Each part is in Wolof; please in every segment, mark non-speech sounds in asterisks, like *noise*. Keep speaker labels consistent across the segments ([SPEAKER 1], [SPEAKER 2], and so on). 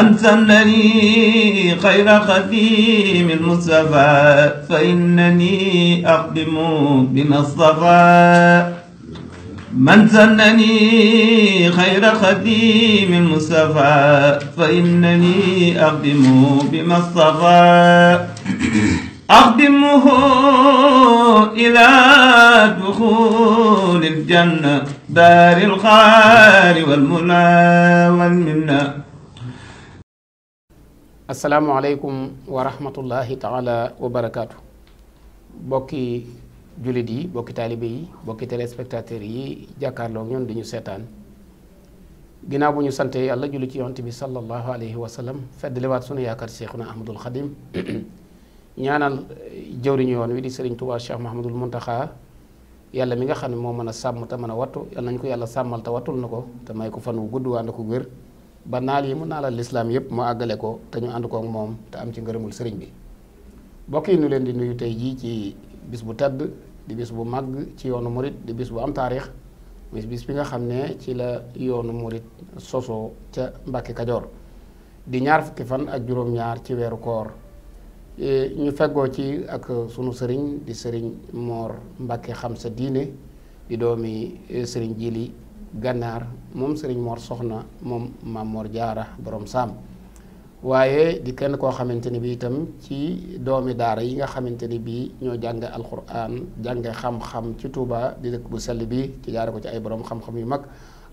[SPEAKER 1] أنت الذي خير خديم المصطفى فإنني أقدم بما اصطفى من سنني خير خديم المصطفى فإنني أقدم بما اصطفى أقدمه إلى دخول الجنة دار
[SPEAKER 2] الخير والمنى والمنى
[SPEAKER 3] asalaamualeykum wa rahmatullahi taala wa barakaatu bokki jullit yi bokki taalibe yi bokki téléspectateurs yi jàkkaarloo ñun di ñu seetaan ginaaw bu ñu sante yàlla julli ci yonte bi sallallahu alayhi wa sallam feddliwaat sunu yaakaar cheikhuna ahmadul xadim
[SPEAKER 2] *clears throat*
[SPEAKER 3] ñaanal eh, jëwriñu yoon wi di sëriñ Tuubaa cheikh mahamadul muntaxa yàlla mi nga xam ne moo mën a sàmm te mën a wattu yàlla nañ ko yàlla sàmmal te wattul na ko te may ko fan wu gudd waa ko wér ba naal yi mu naalal lislaam yëpp mu àggale ko te ñu ànd kook moom te am ci ngërëmul sëriñ bi mbokk yi nu leen di nuyu tey jii ci bis bu tedd di bis bu màgg ci yoonu murit di bis bu am taarix bis bi nga xam ne ci la yoonu murit sosoo ca Mbàkke Kajoor di ñaar fukki fan ak juróom-ñaar ci weeru koor e, ñu feggoo ci ak sunu sëriñ di sëriñ Moor Mbàkke xam sa diine di doomi e, sëriñ Jili gànnaar moom sëriñ Mor Soxna moom Maam Mor Jaara boroom saam waaye di kenn koo xamante ni bi itam ci doomi daara yi nga xamante ni bi ñoo jànge alquran jànge xam-xam ci Touba di dëkk bu sell bi ci jaare ko ci ay boroom xam-xam yu mag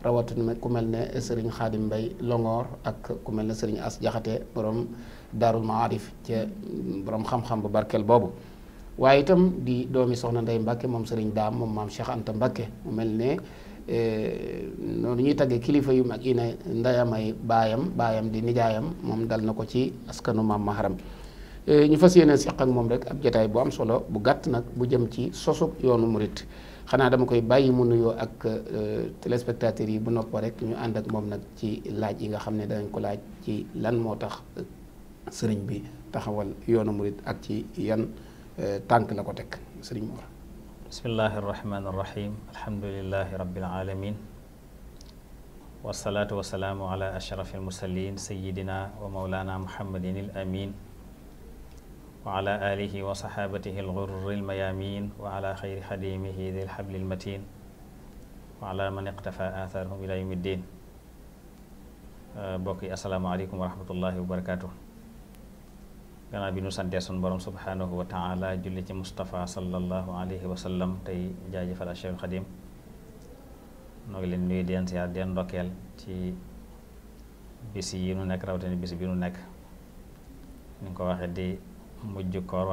[SPEAKER 3] rawatina ku mel ne sëriñ Xaadim Mbay Longoor ak ku mel ne sëriñ As Jaxate borom daarul maarif ca borom xam-xam bu barkeel boobu waaye itam di doomi soxna Ndey Mbàkke moom sëriñ daam moom maam Cheikh Anta Mbàkke mu mel ne Eh, noonu ñuy taggee kilifa yu mag yi ne ndeyamay baayam baayam di nijaayam moom dal na ko ci askanu maam maharam eh, ñu fas yéene seq ak moom rek ab jataay bu am solo bu gàtt nag bu jëm ci sosug yoonu murit xanaa dama koy bàyyi mu nuyoo ak eh, téléspectateurs yi bu noppoo rek ñu ànd ak moom nag ci laaj yi nga xam ne danañ ko laaj ci lan moo tax sëriñ bi taxawal yoonu murit ak ci yan tànk la ko teg
[SPEAKER 4] sëriñ bismillahi irrahmani irrahim alhamdulilahi rabilalamin wasalaatu wasalaamu ala ashrafi almursalin sayidina wa maulana muhammadin alamin wa ala alihi wa saxaabatihi algurri almayamin wa ala xayri xadimihi di lxabli almatin wa ala man iqtafa atharahum ila yawmi ddin mbokk yi asalaamaaleykum wa rahmatullahi wa barakatuh gannaaw bi ñu santee sun borom subhanahu wa taala julli ci Moustapha sallallahu alayhi wa sallam tey jaajëfal Cheikhul Khadim noo ngi leen nuyu den siyaar den ndokkeel ci bis yi nu nekk rawatina bis bi nu nekk ni ko waxee di mujj koor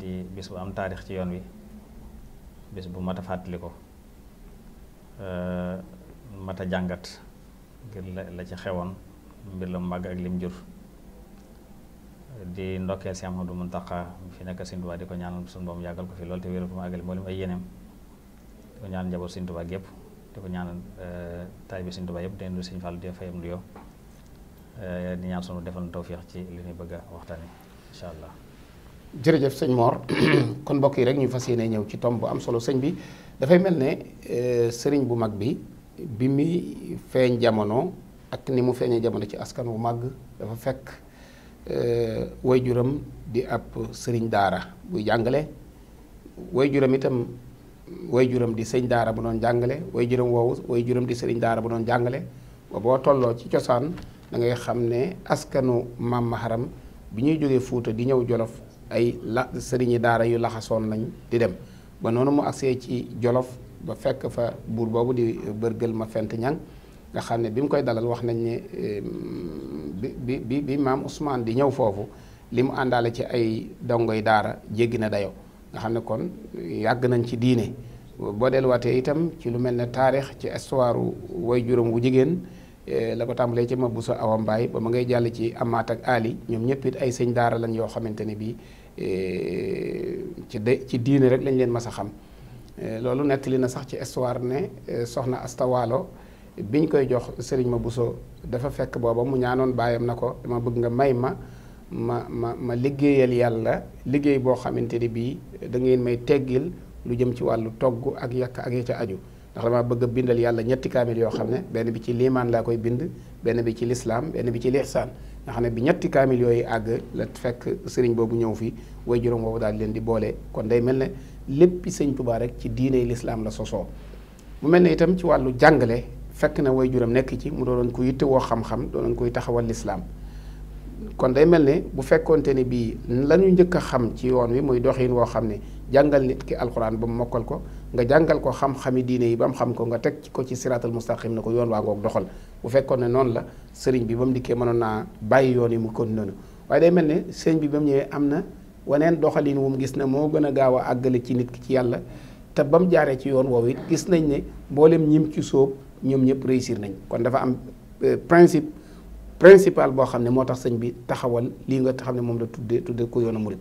[SPEAKER 4] di bis bu am taarix ci yoon wi bis bu mat a fàttali ko euh, mat a jàngat ngir la la ci xewoon mbir la mu màgg ak lim jur di ndokkeel si Amadou Muntaxa fi nekk Sëñ Tuubaa di ko ñaanal suñu boom yàggal ko fi loolu te wéral ko mu àggale mboolem ay yéeneem di ko ñaanal njaboot Sëñ Tuubaa di ko ñaanal eh, taalibe Sëñ Tuubaa yëpp dendu Sëñ Fallu di fayam nuyoo eh, di ñaan sunu defal tawfiix ci li ñuy bëgg a waxtaane incha allah.
[SPEAKER 3] jërëjëf sëñ *coughs* kon mbokk yi rek ñu fas yéene ñëw ci tomb am solo sëñ bi dafay mel ne eh, sëriñ bu mag bi bi muy feeñ jamono ak ni mu feeñee jamono ci askan wu mag dafa fekk. Euh, waajuram di ab sëriñ daara buy jàngale waajuram itam way waajuram di sëñ daara bu doon jàngale waajuram woowu waajuram di sëriñ daara bu doon jàngale ba boo tolloo ci cosaan da ngay xam ne askanu maam maharam bi ñuy jógee Fuuta di ñëw Jolof ay la sëriñi daara yu laxasoon lañ di dem ba noonu mu agsee ci Jolof ba fekk fa buur boobu di bërgël ma fent ñang nga xam ne bi mu koy dalal wax nañ ne euh, bi bi bi maam Ousmane di ñëw foofu li mu àndaale ci ay yi daara jéggi na dayo nga xam ne kon yàgg nañ ci diine boo delluwaatee itam ci lu mel ne taarix ci histoire way juróom wu jigéen euh, la ko tàmbalee ci ma busa Awa Mbaay ma ngay jàll ci Amaat ak Ali ñoom ñëpp it ay sëñ daara lañ yoo xamante ne bii euh, ci de ci diine rek lañ leen mas a xam loolu nettali na sax ci histoire ne soxna Astawaalo biñ koy jox sëriñ ma bu so dafa fekk booba mu ñaanoon baayam na ko dama bëgg nga may ma ma ma ma liggéeyal yàlla liggéey boo xamante ni bii da ngeen may teggil lu jëm ci wàllu togg ak yàq ak ya ca aju ndax dama bëgg bindal yàlla ñetti kaamil yoo xam ne benn bi ci liimaan laa koy bind benn bi ci lislaam benn bi ci lihsaan nga xam ne bi ñetti kaamil yooyu àgg la fekk sëriñ boobu ñëw fi way juróom boobu daal leen di boole kon day mel ne lépp sëñ Tuubaa rek ci diine lislaam la sosoo mu mel ne itam ci wàllu jàngale fekk na way juram nekk ci mu doonoon ko yitte woo xam-xam doonoon koy taxawal lislaam kon day mel ne bu fekkonte ne bii la ñu njëkk a xam ci yoon wi muy doxin woo xam ne jàngal nit ki alxuraan ba mu mokkal ko nga jàngal ko xam-xami diine yi ba mu xam ko nga teg ci ko ci siraatal mustaqim na ko yoon waa ngoog doxal bu fekkoon ne noonu la sëriñ bi ba mu dikkee mënoon naa bàyyi yoon yi mu kon noonu waaye day mel ne sëriñ bi ba mu ñëwee am na waneen doxalin wu mu gis ne moo gën a gaaw a àggale ci nit ki ci yàlla te ba mu jaaree ci yoon woowu it gis nañ ne mboolem ñim ci ñoom ñëpp réussir nañ kon dafa am euh, principe principal boo xam ne moo tax sëñ bi taxawal lii nga xam ne moom la tuddee tuddee ko yoonu murid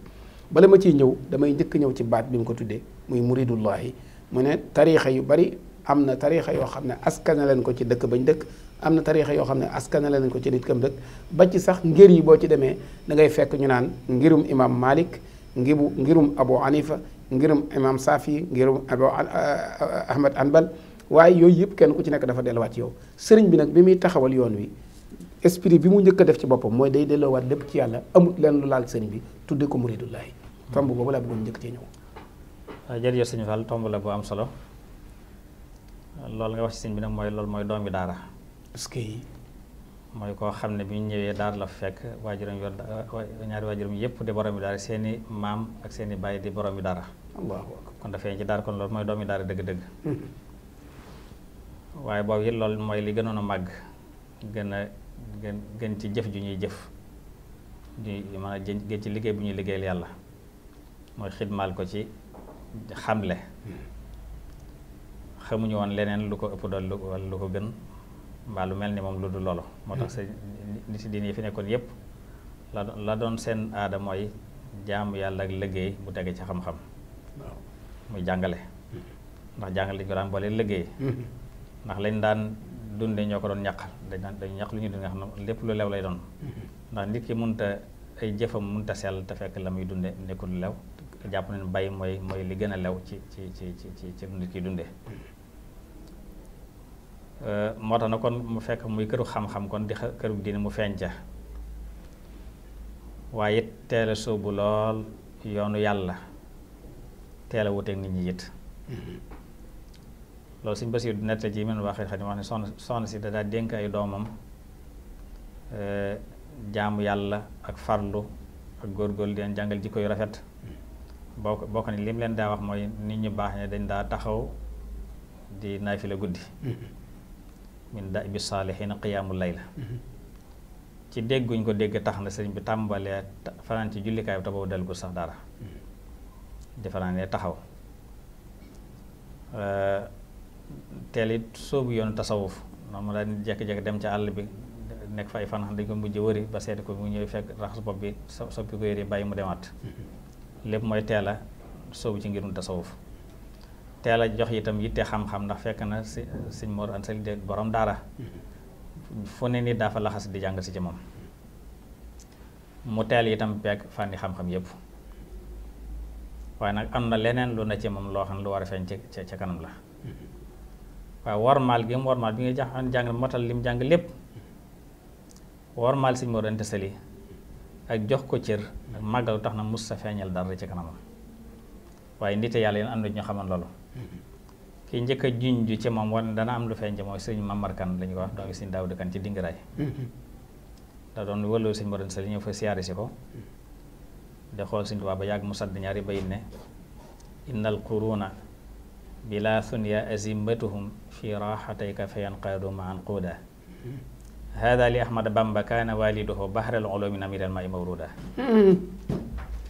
[SPEAKER 3] bala ma ciy ñëw damay njëkk ñëw ci baat bi mu ko tuddee muy muridullahi mu ne tariixa yu bari am na tariixa yoo xam ne askana leen ko ci dëkk bañ dëkk am na tariixa yoo xam ne askana leen ko ci nit kam dëkk ba ci sax ngir yi boo ci demee dangay fekk ñu naan ngirum imam malik ngibu ngirum abu hanifa ngirum imam safi ngirum abu ahmad anbal waaye yooyu yëpp kenn ku ci nekk dafa delluwaat ci yow sëriñ bi nag bi muy taxawal yoon wi esprit bi mu njëkk def ci boppam mooy day delloowaat lépp ci yàlla amut leen lu laal sëriñ bi tudde ko muridullahi tomb boobu laa bëggoon njëkk cee ñëw. waaw
[SPEAKER 4] ah, jërëjëf sëñ Fall tomb la bu am solo loolu nga wax sëñ bi nag mooy loolu mooy doomi daara. est-ce que mooy koo xam ne bi ñu ñëwee daara la fekk waajuram yor ñaari waajuram yëpp di borom bi daara seen maam ak seeni i bàyyi di borom bi daara. waaw kon dafay ci daara kon loolu mooy doomi daara dëgg-dëgg. *laughs* waaye boobu it loolu mooy li gënoon a màgg gën a gën ci jëf ju ñuy jëf ñu mën a gën ci liggéey bu ñuy liggéey yàlla mooy xidmaal ko ci xamle xamuñu woon leneen lu ko ëpp doon lu ko gën mbaa mel ni moom lu du loolu moo tax sa nit si diine yi fi nekkoon yépp la doon seen aada mooy jaamu yàlla ak liggéey bu tege ci xam-xam muy jàngale mm-hmm. ndax jàngale ñu boole liggéey mm-hmm. ndax lañ daan dunde ñoo ko doon ñaq dañ daan dañ ñaq lu ñuy dunde nga xam lépp lu lew lay doon mm-hmm. ndax nit ki munta ay jëfam munta sell te fekk la muy dunde nekkul lew jàpp nañu bay mooy mooy li gën a lew ci ci ci ci ci ci nit dunde mm-hmm. euh, moo tax na kon mu fekk muy këru xam-xam kon di këru diine mu feeñ ca waaye it teel a sóobu lool yoonu yàlla teel a nit ñi it mm-hmm. loolu suñ Basiiru di nettali ji mel waxee xadim wax ne soxna soxna si da daa dénk ay doomam eh, jaamu yàlla ak farlu ak góorgóorlu di leen jàngal jikko yu rafet boo bokk boo ko leen daa wax mooy nit ñu baax ne dañ daa taxaw di naafila guddi min da bi saalihiina qiyaamul la ci dégguñ ko dégg tax na sëriñ bi tàmbalee fanaan ci jullikaay bi te boobu dellu ko sax dara di fanaanee taxaw eh, teel it soobu yoonu tasawuf noonu ma daal nit jekk-jekk dem ci àll bi nekk fa ay fan dañ ko mujj wëri ba seet ko mu ñëw fekk raxas bopp bi soppi ko yére bàyyi mu demaat mm-hmm. lépp mooy teel a soobu ci ngirum tasawuf teel a jox itam yitte xam-xam ndax fekk na si sëñ borom daara mm-hmm. fu ne nit laxas di jàng si ci moom mu teel itam peeg fànni xam-xam yépp waaye nag am na leneen lu na ci moom loo xam ne lu war a feeñ ca ca kanam la
[SPEAKER 2] mm-hmm.
[SPEAKER 4] waaye wormaal gi mu wormaal bi nga jàng jàng motal lim jàng lépp wormaal Sëñ Mor Anta Sali ak jox ko cër ak màggal tax na mus sa feeñal dara ci kanamam waaye nit yàlla yenn am na ñoo xaman loolu ki njëkk a junj ci moom war dana am lu feeñ mooy sëñ Mamar Kan la ñu ko wax doomi sëñ Daawda Kan ci dingiraay da doon wëloo Sëñ Mor Anta Sali ñëw fa siyaare si ko de xool Sëñ Tuubaa ba yàgg mu sadd ñaari bayit ne indal quruuna bila sunya azimmatuhum fi raxatayka fa yanqaadu ma an quuda hada li ahmad bamba kaana waliduhu bahral ulumi namiral ma i mawruda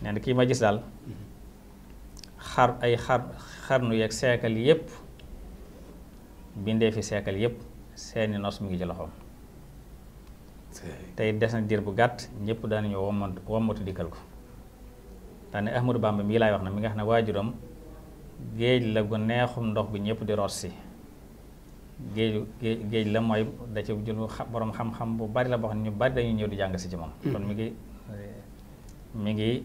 [SPEAKER 4] nee kii ma gis daal xar ay xar xarnu yeeg seekal yépp bindee fi seekal yépp seeni nos mu ngi ci loxoom tey des na diir bu gàtt ñëpp daanañu wommatu wommatu dikkal ko daane ahmadu bamba mii laay wax na mi nga xam ne waajuram géej la gu neexum ndox bi ñëpp di root si géej géej la mooy da ci jël borom xam-xam bu bari la boo xam ne ñu bari dañuy ñëw di jàng si ci moom hmm. kon mi ngi mi ngi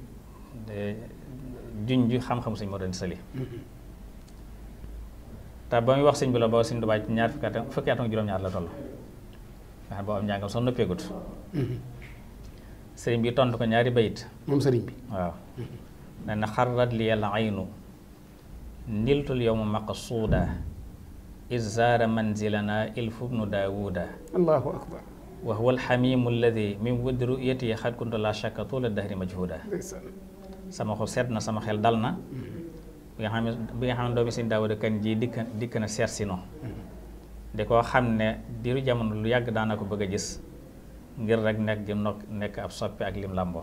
[SPEAKER 4] juñ ju xam-xam suñ moo doon sëli hmm. te ba muy wax sëñ bi la ba sëñ Tuubaa ci ñaar fukki at fukki at juróom-ñaar la toll nga boo am njàngam soo noppeegut hmm. sëriñ bi tontu ko ñaari bayit moom sëriñ bi waaw nee na li yàlla aynu niltul mu maqsuuda izzaara manzilana ilfu bnu daawuda
[SPEAKER 2] allahu akbar
[SPEAKER 4] wa huwa alxamimu alladi min wuddi ruyati xad kuntu la shakka tula dahri majhuda sama xol sedd na sama xel dal na
[SPEAKER 2] mm-hmm.
[SPEAKER 4] bi nga xam ne bi nga xam ne kan ji dikk dikk na seet si noonu mm-hmm. di koo xam ne diiru jamono lu yàgg daana ko bëgg a gis ngir rek nekk gi nokk nekk ab soppi ak lim làmboo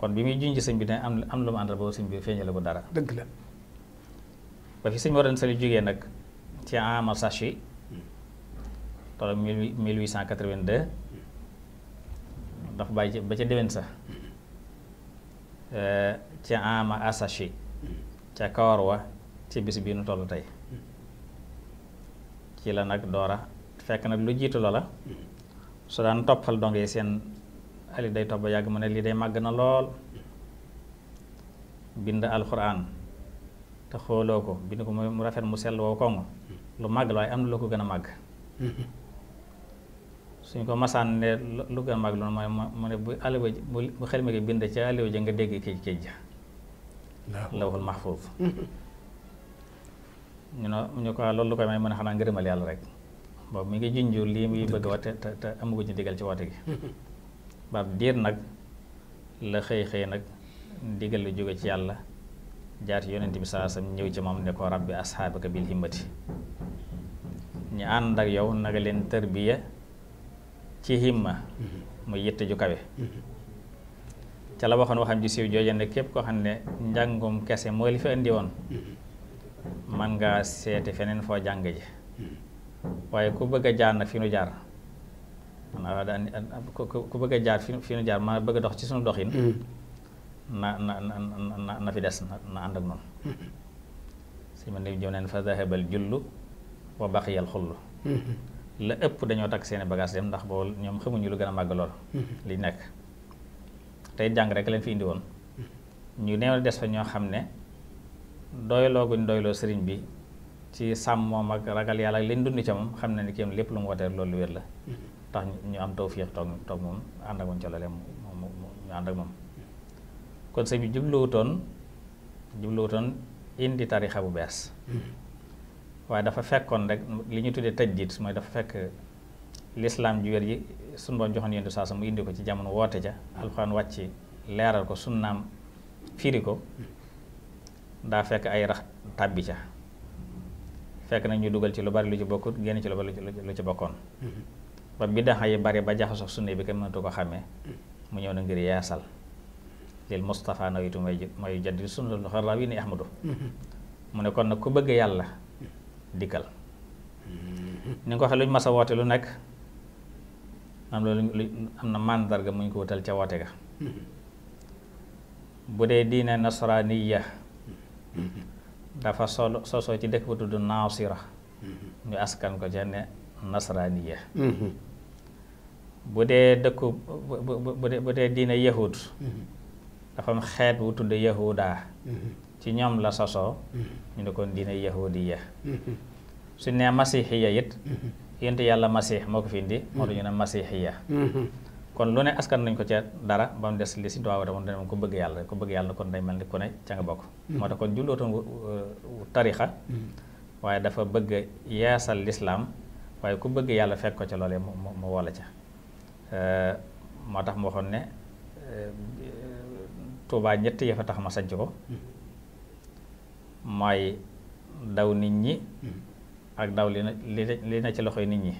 [SPEAKER 4] kon bi muy junj sa bi ne am am lu mu àndal boobu sëñ bi feeñale ko dara dëgg la ba fi suñu waroon sali jógee nag ci amarsach yi tollu 1882 ndax bàyyi ba ca déwén sa euh, ci ama asach yi ca kawar wa ci bis bii nu toll tey ci la nag doora fekk nag lu jiitu loola su daan toppal dongee seen ali day topp yàgg mu ne lii day màgg na lool bind alxuraan te xooloo ko bind ko mu rafet mu sell wow koŋ lu màgg la waaye am na lu ko gën a màgg mm-hmm. suñ ko masaan ne lu gën a màgg loolu mooy mu ne bind ca aliwa nga dégg këj këj ja lawhul mahfuz mm-hmm. ñu ne ñu ko loolu xanaa ngërëmal yàlla rek boobu mi ngi junju lii muy bëgg wax te te amugu digal ci woote gi mm-hmm. baab diir nag la xëy xëy nag digal lu jóge ci yàlla jaar ci yonent bi saa sam ñëw ci moom ne ko rabbi asxaabaka bil himmati ñu ànd ak yow naga leen tërbiya ci himma mm-hmm. mu yitte ju kawe mm-hmm. ca la waxoon waxam ji siiw jooje ne képp koo xam ne njàngum kese moo li fi indi woon mm-hmm. man nga seete feneen foo jàng ji waaye ku bëgg a jaar nag fi nu jaar maanaam ku bëgg jaar fi nu jaar maanaam bëgg dox ci sunu doxin na na na na fi des na ànd ak noonu si man li jëm neen fa zahabal jullu wa baqiyal xullu la ëpp dañoo takk seeni bagage dem ndax boo ñoom xamuñu lu gën a màgg lool li nekk tey jàng rek leen fi indi woon ñu neew des fa ñoo xam ne doyloo guñ doyloo sëriñ bi ci sàmm moom ak ragal yàlla ak leen dund ca moom xam ne ni kéem lépp lu mu woteer loolu wér la tax ñu am tawfiix toog toog moom ànd ak moom ca loolee mu ñu ànd ak moom kon sa bi jubluwutoon jubluwutoon indi tarixa bu bees hmm. waaye dafa fekkoon rek li ñu tuddee tajdiit mooy dafa fekk lislaam ju yi ji sunu boom joxoon yendu saa sa mu indi ko ci jamono woote ja hmm. alxuraan wàcc leeral ko sunnaam firi ko hmm. daa fekk ay rax tàbbi ca fekk nañu ñu dugal ci lu bari lu ci bokkut génn ci lu bari lu ci bokkoon ba biddaxa yi bari ba jaxasoo sunne bi kenn mënatu ko xàmmee mu ñëw na ngir yeesal lil Moustapha nawitu mooy mooy jaddi sunna lu xarala wi ni ahmadu mm-hmm. mu ne kon nag ku bëgg yàlla dikkal
[SPEAKER 2] mm-hmm.
[SPEAKER 4] ni nga ko waxee luñ mas woote lu nekk am loolu am na màndarga muñ ko wutal ca woote ga mm-hmm. bu dee diine nasraniya dafa solo sosoo ci dëkk bu tudd naasira ñu askan ko ca ne nasraniya bu dee dëkku bu bu dee diine yahud dafa am xeet wu tudd yahuda mm-hmm. ci ñoom la sosoo mm-hmm. ñu ne kon diine yahudiya mm-hmm. su ne masihiya it yent yàlla masih moo ko fi indi moo tax ñu ne masihiya kon lu ne askan nañ ko ca dara ba mu des li si doa wata moom dana ko bëgg yàlla ko bëgg yàlla kon day mel ni ku ne ca nga bokk moo tax kon jullootoon tarixa waaye dafa bëgg yeesal lislaam waaye ku bëgg yàlla fekk ko ca loolee mu mu wala ca euh, moo tax mu waxoon ne euh, Touba ñett ya fa tax ma sanc ko mooy daw nit ñi ak daw li na li na ci loxoy nit ñi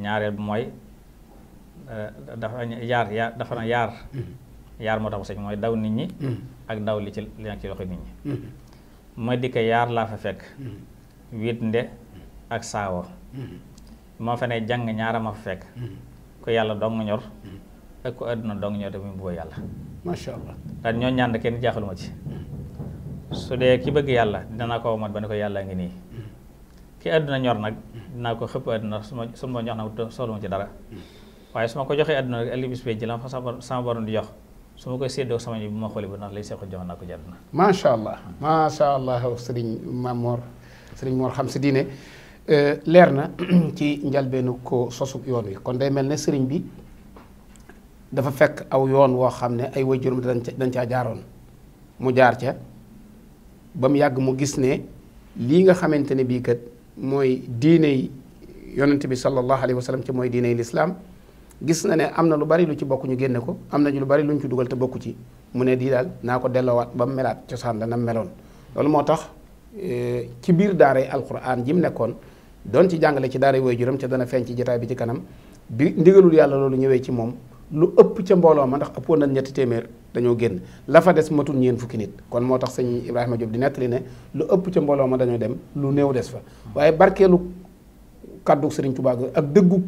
[SPEAKER 4] ñaareel mooy eh, dafa yaar yaar na yaar yaar moo tax ma sañ mooy daw nit ñi ak daw li ci li na ci loxoy nit ñi ma dikk yaar laa fa fekk wit nde ak saawo moo fa ne jàng ñaara ma fa fekk ku yàlla dong ñor ak ko àdduna dong ñoo tamit mbuba yàlla macha allah daal ñoo ñànd kenn jaaxaluma ci su dee ki bëgg yàlla naa ko womat ba ne ko yàlla ngi nii ki àdduna ñor nag dinaa ko xëpp àdduna su ma su ma jox nag soxla ma ci dara waaye su ma ko joxee àdduna rek alibis bi jëlam fa di jox su ma séddoo sama ñi xoolee ba ndax lay seqo jox naa ko ci àdduna
[SPEAKER 3] allah macha allah sëriñ Mamor sëriñ Mor xam si diine euh, leer na *clears throat* ci njalbeenu ko sosub yoon wi kon day mel ne sëriñ bi dafa fekk aw yoon woo xam ne ay waajuram dañ caa jaaroon mu jaar ca ba mu yàgg mu gis ne lii nga xamante ne bii kat mooy diine diiney yonent bi sallallahu alayhi wa sallam ci mooy diiney lislaam gis na ne am na lu bari lu ci bokk ñu génne ko am na ñu lu bari lu ñu ci dugal te bokku ci mu ne di daal naa ko delloowaat ba mu melaat cosaan la na meloon loolu moo tax eh, ci biir daaray alquran ji mu nekkoon doon ci jàngale ci daaray waajuram te dana feeñ ci jotaay bi ci kanam bi yàlla loolu ñëwee ci moom lu ëpp ca mbooloo ma ndax ëppoon nañ ñetti téeméer dañoo génn la fa des matul ñeen fukki nit kon moo tax sañ sëñ Ibrahima Diop di nettali ne lu ëpp ca mbooloo ma dañoo dem lu néew des fa waaye barkeelu kàddu sëriñ Tuubaa ak dëggu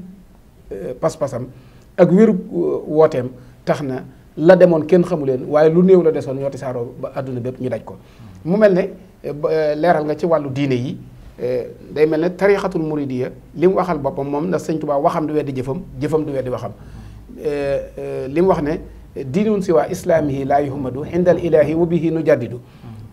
[SPEAKER 3] euh, pas-pasam ak wéru euh, wooteem tax na la demoon kenn xamu leen waaye lu néew la desoon ñoo tasaaroo ba àdduna bépp ñu daj ko mu mel ne euh, leeral nga ci wàllu diine yi day mel ne tarixatul muridiya li mu waxal boppam moom na sëñ Tuubaa waxam du weddi jëfam jëfam du weddi waxam li mu wax ne diinun si waa islaamihi laa yuhmadu indal ilaahi wa bihi nu jaddidu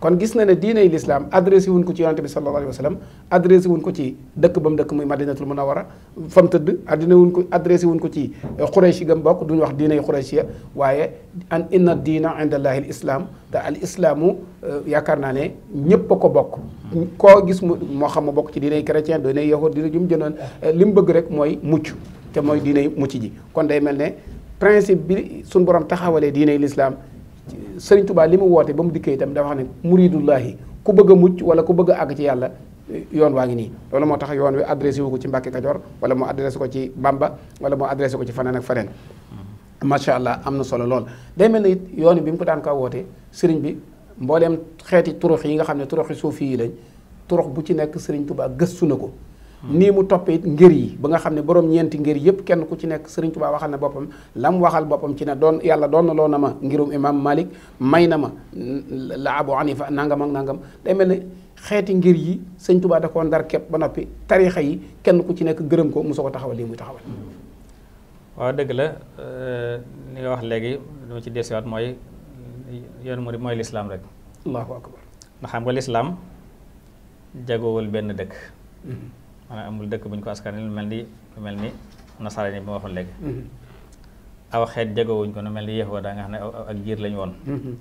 [SPEAKER 3] kon gis na ne diine yi lislaam adressé wuñ ko ci yonante bi sallallahu alayhi wa sallam adressé wuñ ko ci dëkk ba mu dëkk muy madinatul munawara fa mu tëdd addina ko adressé wuñ ko ci xurayshi eh, gam bokk duñu wax diine yi waaye an inna diina indallahi al te al islaamu eh, yaakaar naa ne ñëpp a ko bokk koo gis mu moo xam mu bokk ci diiney chrétien diiney yahud dina ju mu jënoon eh, li mu bëgg rek mooy mucc te mooy diiney mucc ji kon day mel ne principe bi suñ borom taxawalee diiney lislaam sëriñ Tuubaa li mu woote ba mu dikkee itam dafa xam ne muridullahi ku bëgg mucc wala ku bëgg a àgg ci yàlla yoon waa ngi nii loolu moo tax yoon wi adressé wu ko ci Mbàkke Kajoor wala moo adressé ko ci Bamba wala moo adressé ko ci faneen ak faneen macha allah am na solo lool day mel na ni yoon bi mu ko daan kaa wootee sëriñ bi mbooleem xeeti turux yi nga xam ne turuxi suufi yi lañ turux bu ci nekk sëriñ Tuubaa gëstu ko nii mu toppee ngir yi ba nga xam ne boroom ñeenti ngir yëpp kenn ku ci nekk Serigne Touba waxal na boppam lam waxal boppam ci na doon yàlla doon na loo na ma ngirum imam Malik may na ma la Abu Hanifa nangam ak nangam day mel ne xeeti ngir yi sëñ tubaa da koo ndar képp ba noppi tariixa yi kenn ku ci nekk gërëm ko mu soo ko taxawal lii muy taxawal.
[SPEAKER 4] waaw dëgg la li euh, nga wax léegi li ci desewaat mooy yoonu murid mooy lislaam rek. allahu xam nga lislaam jagowul benn dëkk. Mm-hmm. a amul dëkk buñ ñu ko askanil mel ni mel ni nasaraan yi bi ma waxoon léegi aw xeet jagowuñ ko nu mel ni yahuda daa nga xam ne ak jiir lañu woon mhm.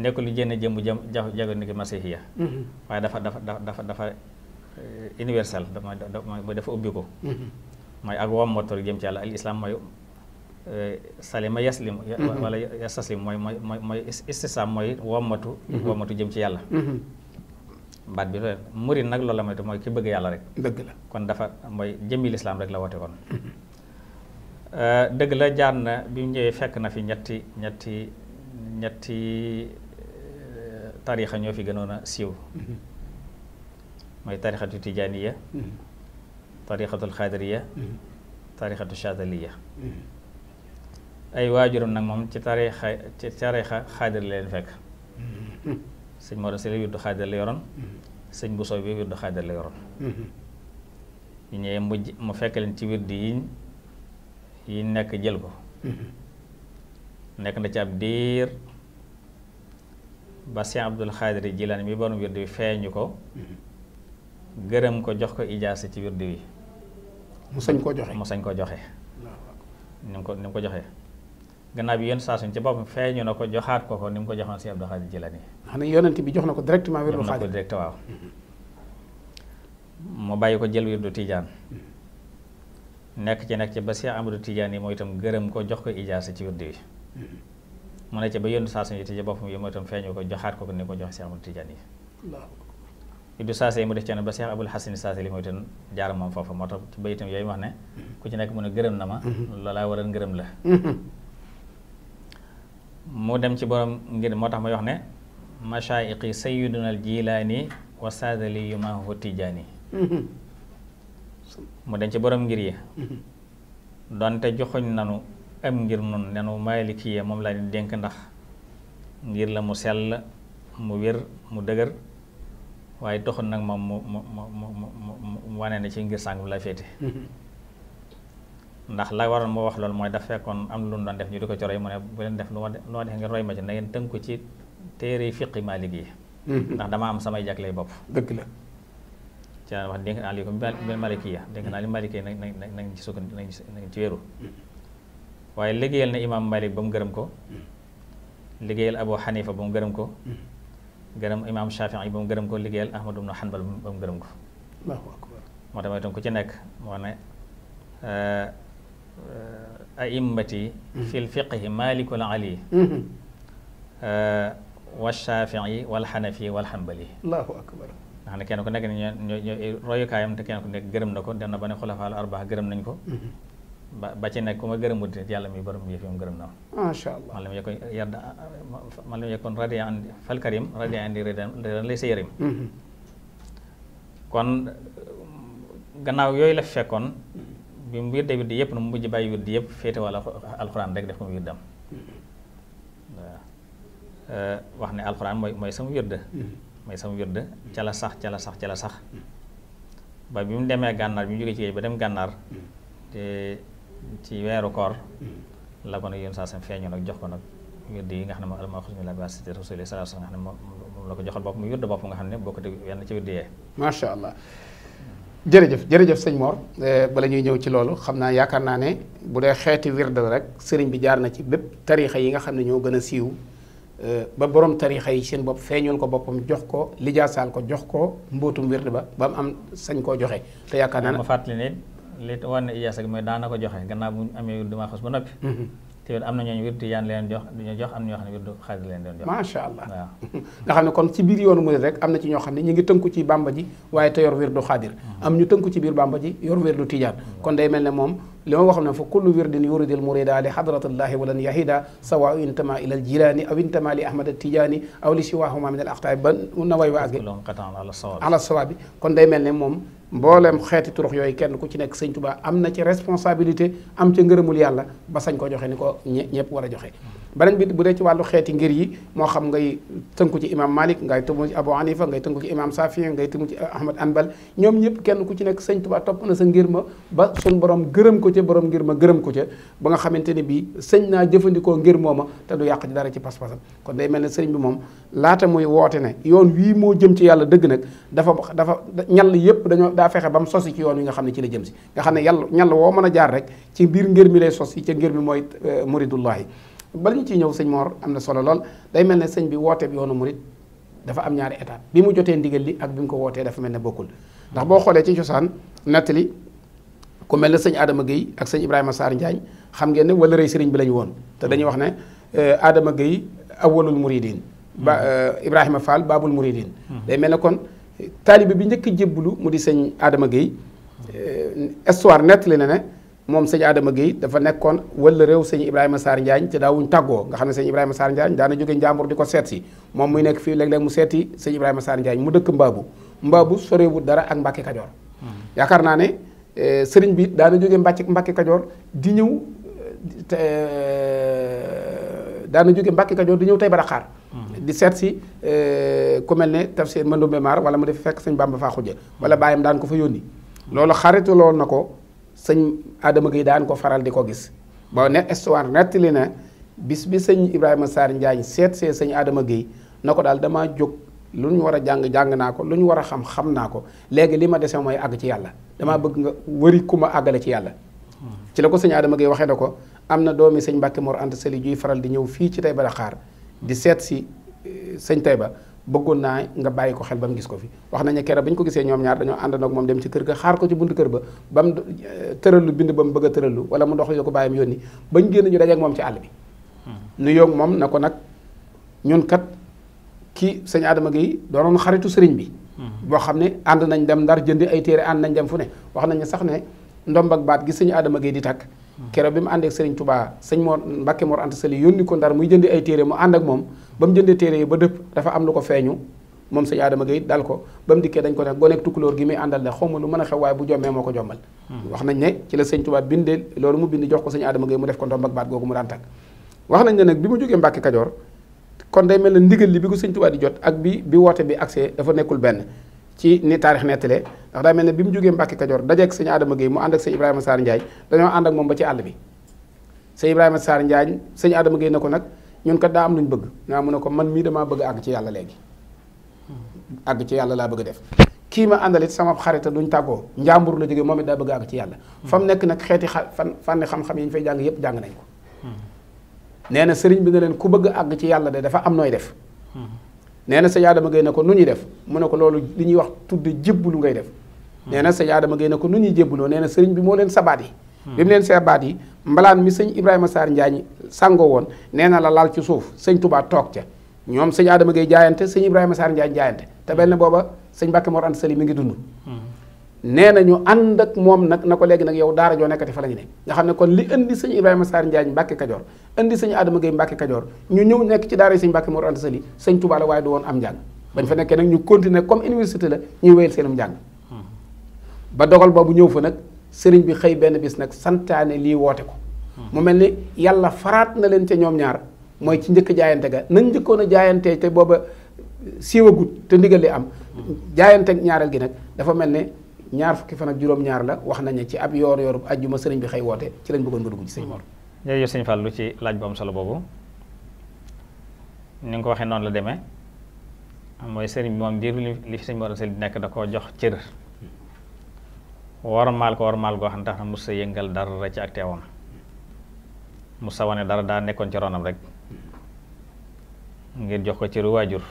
[SPEAKER 4] nekkul lu jënn jëmbu jëm jago ni ki masihiya mhm. waaye dafa dafa dafa dafa eh, universel mooy dafa ubbi ko mhm. mooy ak wommator jëm ci yàlla al islam mooy eh, salima yaslim wala yastaslim mooy mooy istislam mooy wommatu jëm ci yàlla baat bi loolu murid nag loolu la moytu mooy ki bëgg yàlla rek. dëgg la kon dafa mooy jëmmi lislaam rek la woote kon. *laughs* Euh, dëgg la jaar na bi mu ñëwee fekk na fi ñetti ñetti ñetti euh, tarixa ñoo fi gënoon a siiw. Mhm. mooy tarixatu tijaaniya. Mhm. tarixatul xaadiriya. Mhm. tarixatu chadaliya. ay waajuram nag moom ci tarixa ci tarixa xaadir leen fekk. sëñ Maodo Sylla wirdu xaadir la yoroon mm-hmm. sëñ Bousso bi wirdu xaadir la yoroon
[SPEAKER 2] mm-hmm.
[SPEAKER 4] ñu mu mu fekk leen ci wirdu yi yi nekk jël ko mm-hmm. nekk na ci ab diir ba Cheikh Abdul Xaadir Jilaan mi borom wi feeñu ko gërëm ko jox ko ijaasa ci wirdu wi
[SPEAKER 3] mu sañ koo joxe
[SPEAKER 4] mu sañ koo joxe ni ko ni ko joxee gannaaw bi yenn saa suñ ci boppam feeñu na ko joxaat ko ko ni mu ko joxoon si Abdou Khadir na
[SPEAKER 3] ko directement. wirdu jox na ko
[SPEAKER 4] direct mhm. mu bàyyi ko jël wirdu Tijaan. nekk ci nekk ci ba Cheikh Amadou Tidiane yi mooy itam gërëm ko jox ko ijaasa ci wirdu wi.
[SPEAKER 2] Mhm.
[SPEAKER 4] ne ci ba yenn saa suñ ci ci boppam yi mooy itam feeñu ko joxaat ko ko ni ko jox Cheikh Amadou Tidiane
[SPEAKER 2] yi.
[SPEAKER 4] iddu saase yi mu def ci ba Cheikh Abul Hasan saase li mooy itam jaar moom foofa moo tax ci ba itam yooyu wax ne mhm. ku ci nekk mu ne gërëm na ma. loolaa waral ngërëm la. mu dem ci borom ngir moo tax ma yox ne mashaiqi sayyiduna al jilaani wa saadali yu maahu tijaani mu dem ci borom ngir yi donte joxuñ nanu am ngir nun nenu maaliki yee moom laa di dénk ndax ngir la mu sell mu wér mu dëgër waaye doxul nag moom mu mu mu mu mu wane na ci ngir sàng la féete ndax la waroon moo wax loolu mooy daf fekkoon am lu mu doon def ñu di ko ci roy mu ne bu leen def lu ma lu ma def ngeen roy ma ci na ngeen tënku ci téere fiqi Maalik yi mhm. ndax dama am samay jagley bopp dëgg la ci daan wax dénk naa li ko mbir Maalik yi dénk naa li Maalik yi na nañ ci sukk nañ ci wéeru mhm. waaye liggéeyal na imaam Maalik ba mu gërëm ko
[SPEAKER 2] mhm.
[SPEAKER 4] liggéeyal Abu Xanifa ba mu gërëm ko gërëm imaam Shafii ba mu gërëm ko liggéeyal Ahmad ibnu Hanbal ba mu gërëm ko moo tax mooy tam ku ci nekk moo ne euh, a'immati fil fiqhi malikul ali mm-hmm. wa shafii wal xanafi wal xambali
[SPEAKER 2] allahu akbar
[SPEAKER 4] nga xam ne kenn ku nekk ne ñoo ñoo eh, royukaayam nekk na ko dem na ba ne xulafaalu arbaa gërëm nañ ko mm-hmm. ba ba ci nekk ku ma gërëmul te yàlla mi borom na ma macha allah man lam yakon yarda man lam yakon radia an fal karim radia andi sa yarim mm-hmm. kon gannaaw yooyu la fekkoon bi mu wirdee wirdi yëpp na mu mujj bàyyi wirdi yëpp féete wala alxuraan rek def ko mu wirdam waaw euh, wax ne alxuraan mooy mooy sama wirde mooy sama wirde ca la sax ca la sax ca la sax ba bi mu demee gànnaar bi mu jógee ci géej ba dem gànnaar te ci weeru koor la ko nag yoon saa sam feeñu nag jox ko nag wirde yi nga xam ne moom alma xusmi la basité rasuli salaa nga xam ne moom la ko joxal bopp mu wirde bopp nga xam ne bokk te yenn ci wirde
[SPEAKER 3] allah jërëjëf jërëjëf sëñ Mor eh, bala ñuy ñëw ci loolu xam naa yaakaar naa ne bu dee xeeti wird rek sëriñ bi jaar na ci bépp tariixa yi nga xam ne ñoo gën a siiw eh, ba borom tariixa yi seen bopp feeñul ko boppam jox ko lijaasaal ko jox ko mbootum wird ba ba mu am sañ koo joxe
[SPEAKER 4] te yaakaar naa ne ma fàttali ne li war na ijaasa gi mooy daana joxe gannaaw bu amee dama xas ba noppi mhm. te am na ñooñu wirdu yaan leen jox duñu jox am na ñoo xam ne wirdu xaadir leen jox macha allah *laughs*
[SPEAKER 3] nga xam ne kon ci biir yoonu murid rek am na ci ñoo xam ne ñu ngi tënku ci bàmba ji waaye te yor wirdu xaadir mm-hmm. am ñu tënku ci biir bàmba ji yor wirdu tijaan mm-hmm. kon day mel ne moom li ma waxam ne fa kullu wirdin yuridil murida li hadratillahi walan yahida sawa intama al jilani aw intama li ahmad tijaani aw li siwahuma min al aqtaabi ba na way wa asgi ala moom mboolem xeeti turux yooyu kenn ku ci nekk sëñ Tuubaa am na ci responsabilité am ca ngërëmul yàlla ba sañ ko joxe ni ko ñëpp war a joxe beneen bi bu dee ci wàllu xeeti ngir yi moo xam ngay tënku ci imam Malik ngay tënku ci Abu Hanifa ngay tënku ci imam Safiya ngay tënku ci Ahmad Anbal ñoom ñëpp kenn ku ci nekk sëñ topp na sa ngir ma ba suñ borom gërëm ko ca borom ngir ma gërëm ko ca ba nga xamante ne bii sëñ naa jëfandikoo ngir mooma te du yàq dara ci pas-pasam kon day mel ne sëñ bi moom laata muy woote ne yoon wii moo jëm ci yàlla dëgg nag dafa dafa ñall yëpp dañoo daa fexe ba mu sosi ci yoon wi nga xam ne ci la jëm si nga xam ne yàlla ñall woo mën a rek ci biir mi lay sos ca ngir mi mooy euh, muridullahi bala ñu ciy ñëw sëñ Mor am na solo lool day mel ne sëñ bi wootee bi yoonu murit dafa am ñaari étape bi mu jotee ndigal li ak bi mu ko wootee dafa mel ne bokkul ndax boo xoolee ci cosaan nettali ku mel ne sëñ aadama géey ak sëñ Ibrahima Sarr Njaañ xam ngeen ne wala rëy sëriñ bi la woon te dañuy wax ne euh, Adama Guèye awwalul muridin ba euh, Ibrahima Fall baabul muridin hmm. day mel na kon taalibe bi njëkk a jébbalu mu di sëñ Adama Guèye euh, histoire nettali na ne moom sëñ Adama Guèye dafa nekkoon wala réew sëñ Ibrahima saar Njaañ te daawuñ tàggoo nga xam ne sëñ Ibrahima Sarr Njaañ daana jóge njàmbur di ko seet si moom muy nekk fii léeg-léeg mu seeti sëñ Ibrahima Sarr Njaañ mu dëkk Mbaabu Mbaabu dara ak Mbàkke Kajoor hmm. yaakaar naa ne eh, sëriñ bi daana jóge Mbàkke Mbàkke Kajoor di ñëw eh, daana jóge Mbàkke Kajoor di ñëw tey baraxaar hmm. di seet si eh, ku mel ne tafsir Mandoumbe Mar wala mu def fekk sëñ ba faa xuja wala hmm. bàyyam daan ko fa yónni loolu xaritu loolu na ko sëñ Adama Gueye daan ko faral di ko gis ba ne histoire nettali na bis bi sëñ Ibrahima Sarr Njaañ seet see sëñ Adama Gueye na ko daal damaa jóg lu ñu war a jàng jàng naa ko lu ñu war a xam xam naa ko léegi li ma dese mooy àgg ci yàlla damaa bëgg nga wëri ku ma àggale ci yàlla. ci la ko sëñ Adama Gueye waxee na ko am na doomi sëñ Mbacke Mor Anta Sali juy faral di ñëw fii ci tey Taïba xaar di seet si eh, sëñ Taïba. bëggoon naa nga bàyyi ko xel ba mu gis ko fi wax nañu keroog ba ñu ko gisee ñoom ñaar dañoo ànd ak moom dem ci kër ga xaar ko ci buntu kër ba ba mu euh, tëralu bind ba mu bëgg a tëralu wala mu ndox yo ko bàyyam yónni ba ñu génn ñu dajeek moom ci àll bi hmm. nu ak moom na ko nag ñun kat kii sëñ Adama Gueye doonoon xaritu sëriñ bi hmm. boo xam ne ànd nañ dem ndar jënd ay téere ànd nañ dem fu ne wax nañu sax ne ndomb ak baat gi sëñ Adama Gueye di takk keroog bi mu àndee ak tubaa Touba sëñ Mor Mbacke Mor Anta Sali yónni ko ndar muy jënd ay téere mu ànd ak moom ba mu jëndee téere yi ba dëpp dafa am lu ko feeñu moom sëñ Adama Gueye dal ko ba mu dikkee dañ ko ne gonek tukulóor gi muy àndal de xawma lu mën a xew waaye bu jommee moo ko jommal hmm. wax nañ ne ci la sëñ Touba bindee loolu mu bind jox ko sëñ Adama Gueye mu def ko ndombak baat googu mu daan takk wax nañ ne nag bi mu jógee Mbacke Kajoor kon day mel ne ndigal li bi ko sëñ Touba di jot ak bi bi woote bi accès dafa nekkul benn ci ni taarix nettalee ndax daa mel ne bi mu jógee Mbàkke Kajoor dajeeg sëñ Adama Gueye mu ànd ak sëñ Ibrahima Sarr Ndiaye dañoo ànd ak moom ba ci bi sëñ Ibrahima Sarr Ndiaye sëñ Adama Gueye na ko nag ñun kat daa am luñ bëgg naa mu ne ko man mii damaa bëgg àgg ci yàlla léegi àgg ci yàlla laa bëgg def kii ma àndalit sama xarita duñ tàggoo njàmbur la jógee moom it daa ci yàlla fa mu nekk nag xeeti fan fànni xam-xam yi ñu fay jàng yépp jàng nañ ko hmm. nee na sëriñ bi ne leen ku bëgg àgg ci yàlla de dafa am nooy def hmm. nee na sëñ Adama Gueye ne ko nu ñuy def mu ne ko loolu li ñuy wax tudd lu ngay def hmm. nee na sëñ Adama Gueye ne ko nu ñuy jébbaloo nee na sëriñ bi moo leen sabaat yi hmm. bi mu leen sabaat yi mbalaan mi sëñ Ibrahima Sarr Njaañ sàngoo woon nee na la laal ci suuf sëñ Touba toog ca ñoom sëñ Adama Gueye jaayante sëñ Ibrahima Sarr Njaañ jaayante te benn booba sëñ Mbàkke Mor Anta Sali mi ngi dund hmm. nee na ñu ànd ak moom nag na ko léegi nag yow daara joo nekkati fa la ñu ne nga xam ne kon li indi sëñ Ibrahima saar Njaañ Mbàkke Kajoor indi sëñ Adama Gueye Mbàkke Kajoor ñu ñëw nekk ci daara yi sëñ Mbàkke Mor Anta Sali sëñ Touba la waaye du woon am njàng bañ fa nekkee nag ñu continuer comme université la ñuy wéyal seenum njàng ba dogal boobu ñëw fa nag sëriñ bi xëy benn bis nag santaane lii woote ko mu mel ni yàlla faraat na leen ca ñoom ñaar mooy ci njëkk jaayante ga nañ njëkkoon a jaayantee te booba siiwagut te ndigal li am jaayante gi nag dafa mel ne ñaar fukki fan ak juróom-ñaar la wax nañ ne ci ab yoor yoor ajjuma sëriñ bi xëy woote ci lañ bëggoon nga dugg ci sëñ Mor.
[SPEAKER 4] jërëjëf sëñ lu ci laaj bu am solo boobu ni ko waxee noonu la demee mooy sëriñ bi moom diir li fi sëñ Mor Anta Sali nekk da koo jox cër warmaal ko warmaal goo xam ne tax na mos a yëngal dara ci ak teewam mos a wane dara daa nekkoon ci ronam rek ngir jox ko cëru waajur.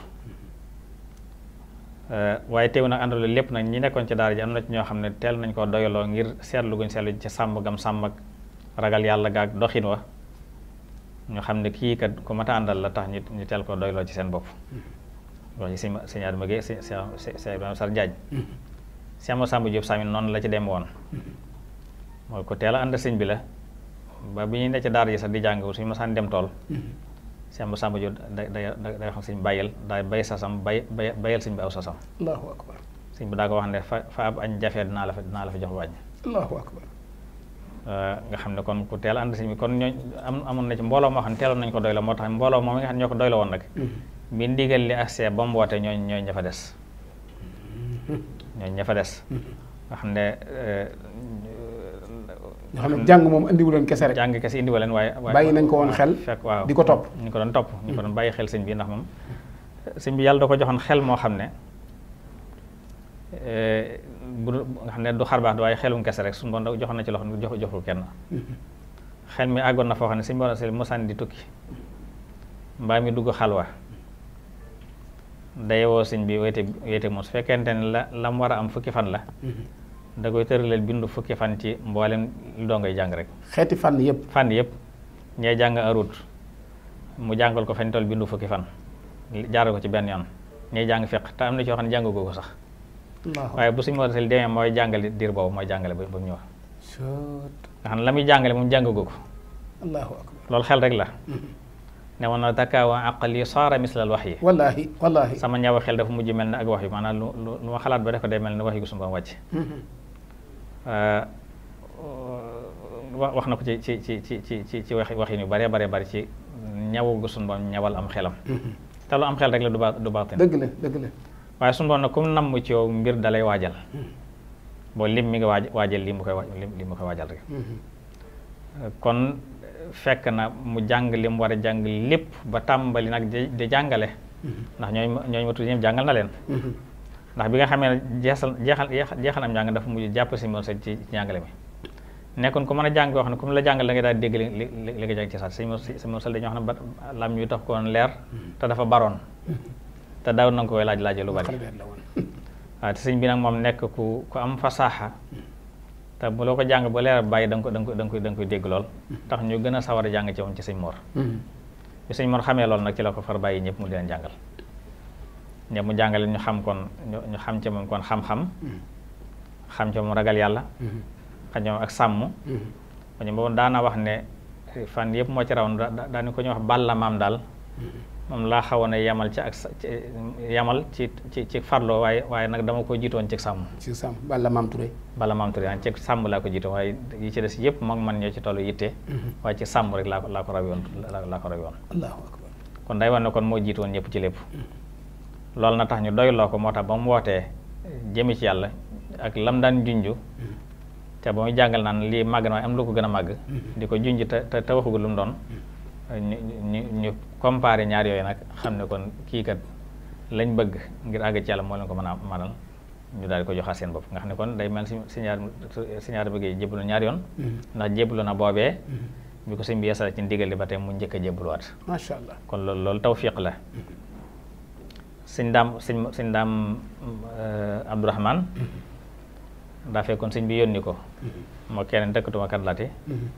[SPEAKER 4] Eh, waaye teew nag àndal lépp nag ñi nekkoon ci daar ji am na ñoo xam ne teel nañ koo doyaloo ngir seetlu guñ seetlu ci sàmm gam sàmm ragal yàlla gaag doxin wa ñu xam ne kii kat ku mat àndal la tax ñu teel koo doyloo ci seen bopp. wax mm-hmm. ci sëñ Adama Gueye sëñ sëñ Ibrahima Sar Jaaj mm-hmm. sëñ Amadou noonu la ci dem woon mm-hmm. mooy ko teel a ànd sëñ bi la ba bi ñuy nekk ci daara ji sax di jàng ma masaan dem tool si am sàmba jooju day day day wax sëñ bàyyil day bay sasam bay bayal sëñ bi aw sasam allahu akbar sëñ bi daa ko wax ne fa fa ab añ jafee dinaa la fa dinaa la fa jox wàññ allahu akbar euh, nga xam ne kon ku teel ànd sëñ bi kon ñooñ am amoon na ci mbooloo moo xam ne teeloon nañu ko doy moo tax mbooloo moom nga xam ñoo ko doy la woon nag
[SPEAKER 2] mm-hmm.
[SPEAKER 4] bi ndigal li agsee ba mu wootee ñooñ ñooñ ña fa des mm-hmm. ñooñ ña fa des mm-hmm. nga xam ne euh, nga xam ne jàng moom indiwu leen kese rek jàng kese indiwu leen waaye bàyyi nañ ko woon xel waaw di ko topp ñu ko doon topp ñu ko doon bàyyi xel sëñ bi ndax moom bi yàlla da ko joxoon xel moo xam ne eh, bu nga xam ne du xar baax du waaye xelum kese rek suñu bon da joxoon na ci loxo ni jox joxul kenn xel mi àggoon na foo xam ne sëñ bi war mu sànni di tukki mbaa mi dugg xalwa dayewoo sëñ bi wéete wéete moom su fekkente ne la la mu war a am fukki fan la mm-hmm. da koy tëraleel bindu fukki fan ci mboolem lu doo ngay jàng rek. xeeti fànn yëpp. fànn yépp ñee jàng arut mu jàngal ko fen toll bindu fukki fan jaaral ko ci benn yoon ñee jàng fiq te am na ci xam ne jàng ko sax. waaye bu suñu modèle mooy jàngale diir boobu mooy jàngale ba mu ñëw. nga xam ne la muy jàng ko. allahu loolu xel rek la. Mhm. ne woon na takkaawa aqal yi saara mislal wax yi. wallaahi wallaahi. sama ñaaw xel dafa mujj mel ne ak wax yu maanaam lu lu ma xalaat ba def ko day mel ne wax yu sunu ba wàcc. Mhm. Euh, wax na ko ci ci ci ci ci ci wax waxin yu bare bare bare ci ñawu gu sunu ñawal am xelam. Mm-hmm. te lu am xel rek la du ba du baax dëgg la dëgg la. waaye sunu borom nag comme nam mu ci yow mbir dalay waajal. Mm-hmm. boo lim mi ngi waaj waajal lii mu koy li mu koy waajal rek. Mm-hmm. kon fekk na mu jàng li war a jàng lépp ba tàmbali nag di jàngale. ndax ñooñu ma ñooñu ma jàngal na leen. ndax bi nga xamee ne jeexal jeexal jeexal am njàng dafa mujj jàpp si Mor Seye ci njàngale mi nekkoon ku mën a jàng koo xam ne ku mu la jàngal la nga daal dégg li li li nga jàng ci sax si Mor Seye dañoo leer te dafa baroon te daaw na nga laaj laaj lu bari waaw te sëñ bi nag moom nekk ku ku am fasaaxa te bu loo ko jàng bu leer bàyyi da ko da nga ko da nga koy dégg lool tax ñu gën a sawar a jàng ci woon ci sëñ Mor mm-hmm. bi sëñ Mor xamee lool nag ci la ko far bàyyi ñëpp mu di leen jàngal ne mu jàngale ñu xam kon ñu xam ca moom kon xam-xam xam ca moom ragal yàlla xam ca ak sàmm ñu boobu daana wax ne fan yëpp moo ci rawoon daani ko ñu wax balla maam daal moom laa xawoon a yamal ci ak yamal ci ci ci farloo waaye waaye nag dama ko jiitoon ci sàmm ci sàmm balla maam Touré balla maam Touré ci sàmm laa ko jiitoon waaye yi ci des yëpp moom man ñoo ci tollu yitte waaye ci sàmm rek laa ko laa ko rawoon laa ko rawoon kon day wane kon moo jiitoon ñëpp ci lépp loolu na tax ñu doyloo ko moo tax ba mu wootee jëmi ci yàlla ak lam daan junju te ba muy jàngal naan lii màgg na waaye am lu ko gën a màgg di ko junj te te te waxugul lu doon ñu ñu ñu comparé ñaar yooyu nag xam ne kon kii kat lañ bëgg ngir àgg ci yàlla moo leen ko mën a manal ñu daal di ko joxaat seen bopp nga xam ne kon day mel si si ñaar si ñaar bëggee jébbalu ñaar yoon ndax jébbalu na boobee bi ko sëñ bi yeesal ci ndigal li ba tey mu njëkk a jébbaluwaat macha allah kon loolu loolu tawfiq la sëñ daam sëñ sëñ daam eh, Abdourahman mhm. daa fekkoon sëñ bi yónni ko mhm. moo keneen dëkkatuma kat laate mhm.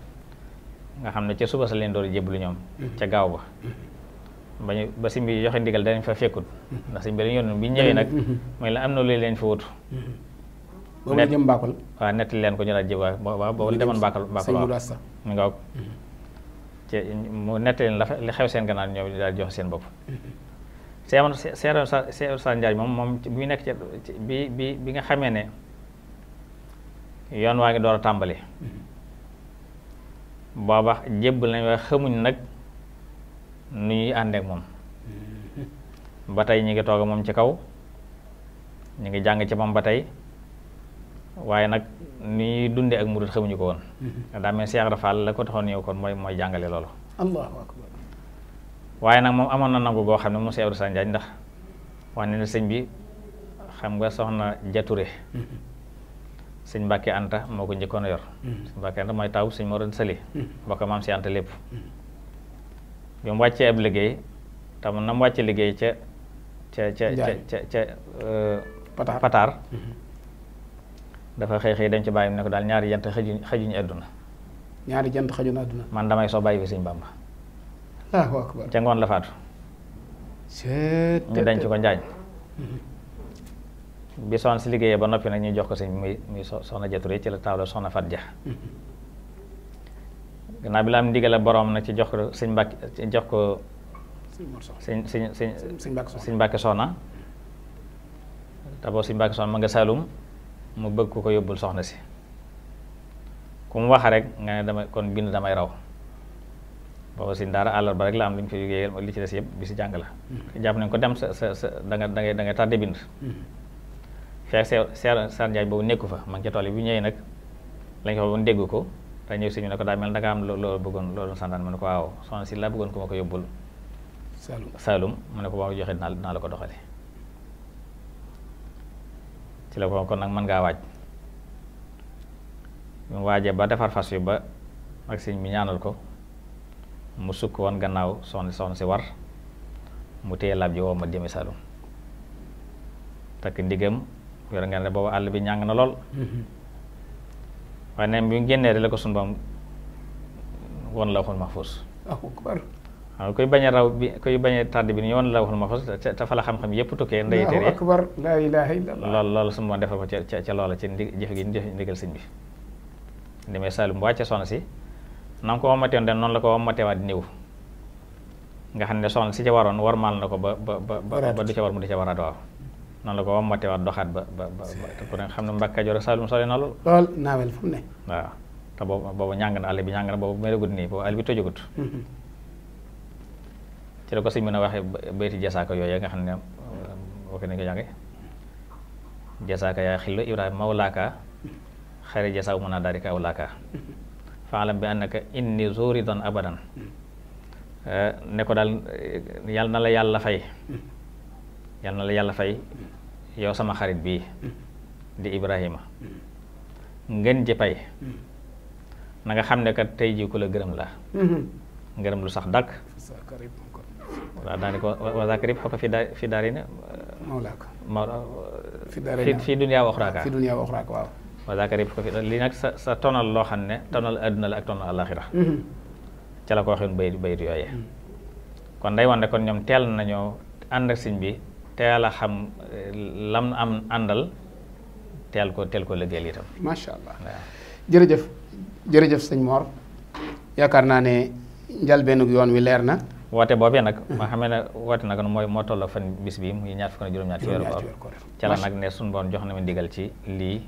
[SPEAKER 4] nga xam ne ca suba sa leen door jébbalu ñoom ca gaaw ba ba sëñ bi joxe ndigal dañ fa fekkut ndax sëñ bi leen yónni bi ñëwee nag mooy la am na lu leen fa wutu boobu la jëm Baakol leen ko ñu daal jëbaay waaw boobu la demoon Baakol Baakol waaw mu nga ci mu nettali leen la li xew seen gannaaw ñoom ñu daal joxe seen bopp Seydou Seydou Seydou sa Ndiaye moom moom bi nekk ci bi bi bi nga xamee ne yoon waa ngi door a tàmbali booba jébbal nañ waaye xamuñ nag nu ñuy ànd ak moom ba tey ñu ngi toog moom ci kaw ñu ngi jàng ci moom ba tey waaye nag ni ñuy dundee ak murit xamuñu ko woon mm-hmm. daa mel Cheikh Rafal la ko taxoon ñëw kon mooy mooy jàngale loolu waaye nag moom amoon na nangu boo xam ne moom Cheikh Abdou Salaam Ndiagne ndax wax ne ne sëñ bi xam nga soxna jature mm-hmm. sëñ Mbàkke Anta moo ko njëkkoon a yor mm-hmm. sëñ Mbàkke Anta mooy taw sëñ moo doon sëli mm-hmm. bokk maam si Anta lépp bi mu wàccee ab liggéey tam na mu wàcce liggéey ca ca ca ca ca euh, Pataar dafa xëy xëy dem ci bàyyi mu daal ñaari jant xëjuñ xëjuñu àdduna
[SPEAKER 3] ñaari jant xëjuñu àdduna
[SPEAKER 4] man damay soo bàyyi fi sëñ Bàmba ca la faatu ñu denc ko njaañ mhm. bi soxna si liggéeyee ba noppi nag ñu jox ko sëñ muy muy soxna jature ci la taawla soxna fat ja mhm. gannaaw bi la am ndigal boroom nag ci jox ko sëñ mbàkki ci ko sëñ sëñ sëñ sëñ mbàkki soxna d'abord sëñ mbàkki soxna ma nga Saalum mu bëgg ku ko yóbbul soxna si ku mu wax rek nga ne damay kon bind damay raw booba si daara àllarba rek la am li ñu fa jógee li ci bi si jàng la hmm. jàpp nañ ko dem sa sa sa da nga da ngay da bind hmm. fekk seer seer njaay boobu nekku fa ma ngi ca tool yi bu ñëwee nag lañ ko woon dégg ko te ñëw si ñu ne ko daa mel da nga am loolu bëggoon loolu santaan mu ne ko waaw si laa bëggoon ku ma ko yóbbul Saalum Saalum ne ko ba ma joxe dinaa dinaa la ko doxale ci la ko kon nag mën ngaa waaj mu waajee ba defar fas yu ba ak sëñ bi ñaanal ko mu sukk woon gannaaw son soxna si war mu téye laab woo ma jëme Saalum takk ndigam yor nga ne booba àll bi ñàng na lool mm-hmm. waaye neen bi mu génnee la ko sunu Boroom woon Lawhul Mahfuus
[SPEAKER 3] waaw
[SPEAKER 4] kuy bañ a raw bi kuy bañ a tàdd bi ni ñu woon Lawhul Mahfuus te fa la xam-xam yëpp tukkee ndey téere akbar lool loolu sunu Boroom defal ko ca ca loola ci ndig jëf gi ndigal sëñ bi demee Saalum wàcce soxna si na ko wammatee woon den noonu la ko wammateewaat néew nga xam ne soxna si ca waroon warmaal na ko ba ba ba du ca war mu du ca waraat waaw noonu la ko wammateewaat doxaat ba ba ba ku ne xam ne Mbàkke Kajoor Saalum sole na lool lool naawel fu mu ne waaw te boobu boobu ñàng na àll bi ñàng na boobu melagut nii boobu àll bi tojagut mm-hmm. ci la ko sëñ bi na waxee bayti jasaaka yooyu nga xam ne waxee nañ ko jànge jasaaka yaa xillu Ibrahima mawlaaka xare jasaaw mën naa daal di kaaw laaka faalam bi annaka inni zuridan abadan eh, ne ko daal yal na la yàlla fay yal na la yàlla fay yow sama xarit bii di Ibrahima ngeen ji pay na nga xam ne kat tey jii ku la gërëm la ngërëm lu sax dàkk waaw daane ko wazakrib xokka fi daa wa zaaka rib ko lii nag sa sa tonal loo xam ne tonal adduna la ak tonal àlaxira ca la ko waxoon bayit bayit yooyee kon day wan kon ñoom teel nañoo ànd ak bi teel xam lam am àndal teel ko teel ko liggéeyal itam
[SPEAKER 3] macha allah jërëjëf jërëjëf sëñ Mor yaakaar naa ne njalbeenug yoon wi leer na
[SPEAKER 4] woote boobee nag ma xamee ne woote nag mooy moo tolloo fan bis bi muy ñaar fukk na juróom-ñaar ci weeru koor ca nag ne suñu borom jox na ma ndigal ci lii